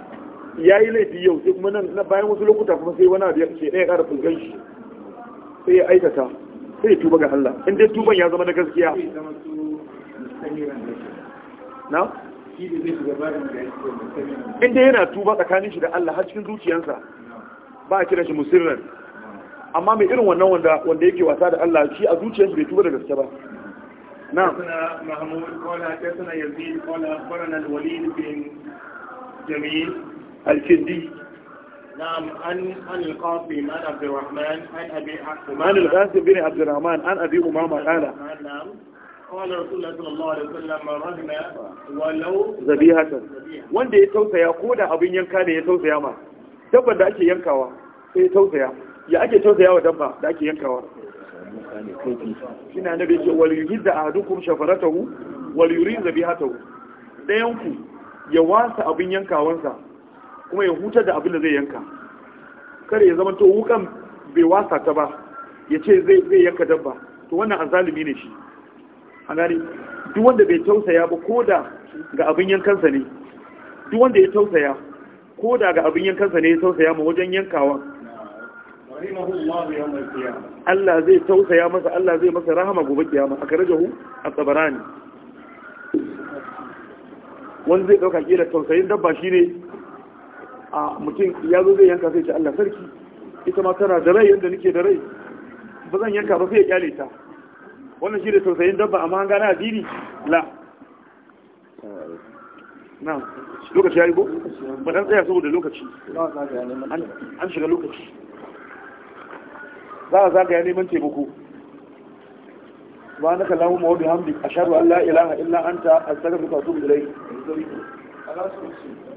ya yi laifi yau sai kuma nan bayan wasu lokuta kuma sai wani abu ya ɗaya ƙara fulgan shi sai ya aikata sai ya tuba ga Allah in dai tuban ya zama na gaskiya na in dai yana tuba tsakanin shi da Allah har cikin zuciyarsa ba a kira shi musirran amma mai irin wannan wanda wanda yake wasa da Allah shi a zuciyarsa bai tuba da gaske ba na mahmud qala hadathana yazid Kola, akhbarana walid bin jamil الكندي نعم عن عن القاسم عن عبد الرحمن عن ابي عن القاسم بن عبد الرحمن عن ابي امامه قال نعم قال رسول الله صلى الله عليه وسلم رهن ولو wanda ya tausaya ko da abin yanka ne ya tausaya ma dabban da ake yankawa sai ya tausaya ya ake tausaya wa dabba da ake yankawa shine annabi ce wal yurid da ahadukum shafaratahu wal yurid zabihatahu dayan ku ya wasa abin yankawansa kuma ya hutar da abin da zai yanka kare ya zama to wukan bai wasa ta ba ya ce zai yanka dabba to wannan azalimi ne shi a gani duk wanda bai tausaya ba ko da ga abin yankansa ne duk wanda ya tausaya ko da ga abin yankansa ne ya tausaya ma wajen yankawa Allah zai tausaya masa Allah zai masa rahama gobe kiyama a jahu a tsabarani wani zai ɗauka kila tausayin dabba shi ne a mutum ya zo zai yanka sai ce Allah sarki ita ma tana da rai yadda nake da rai ba zan yanka ba sai ya kyale ta wannan shi da tausayin dabba amma an gane adini la na lokaci ya yi ko ba dan tsaya saboda lokaci an shiga lokaci za a zagaya neman taimako سبحانك اللهم وبحمدك أشهد أن لا إله إلا أنت أستغفرك وأتوب إليك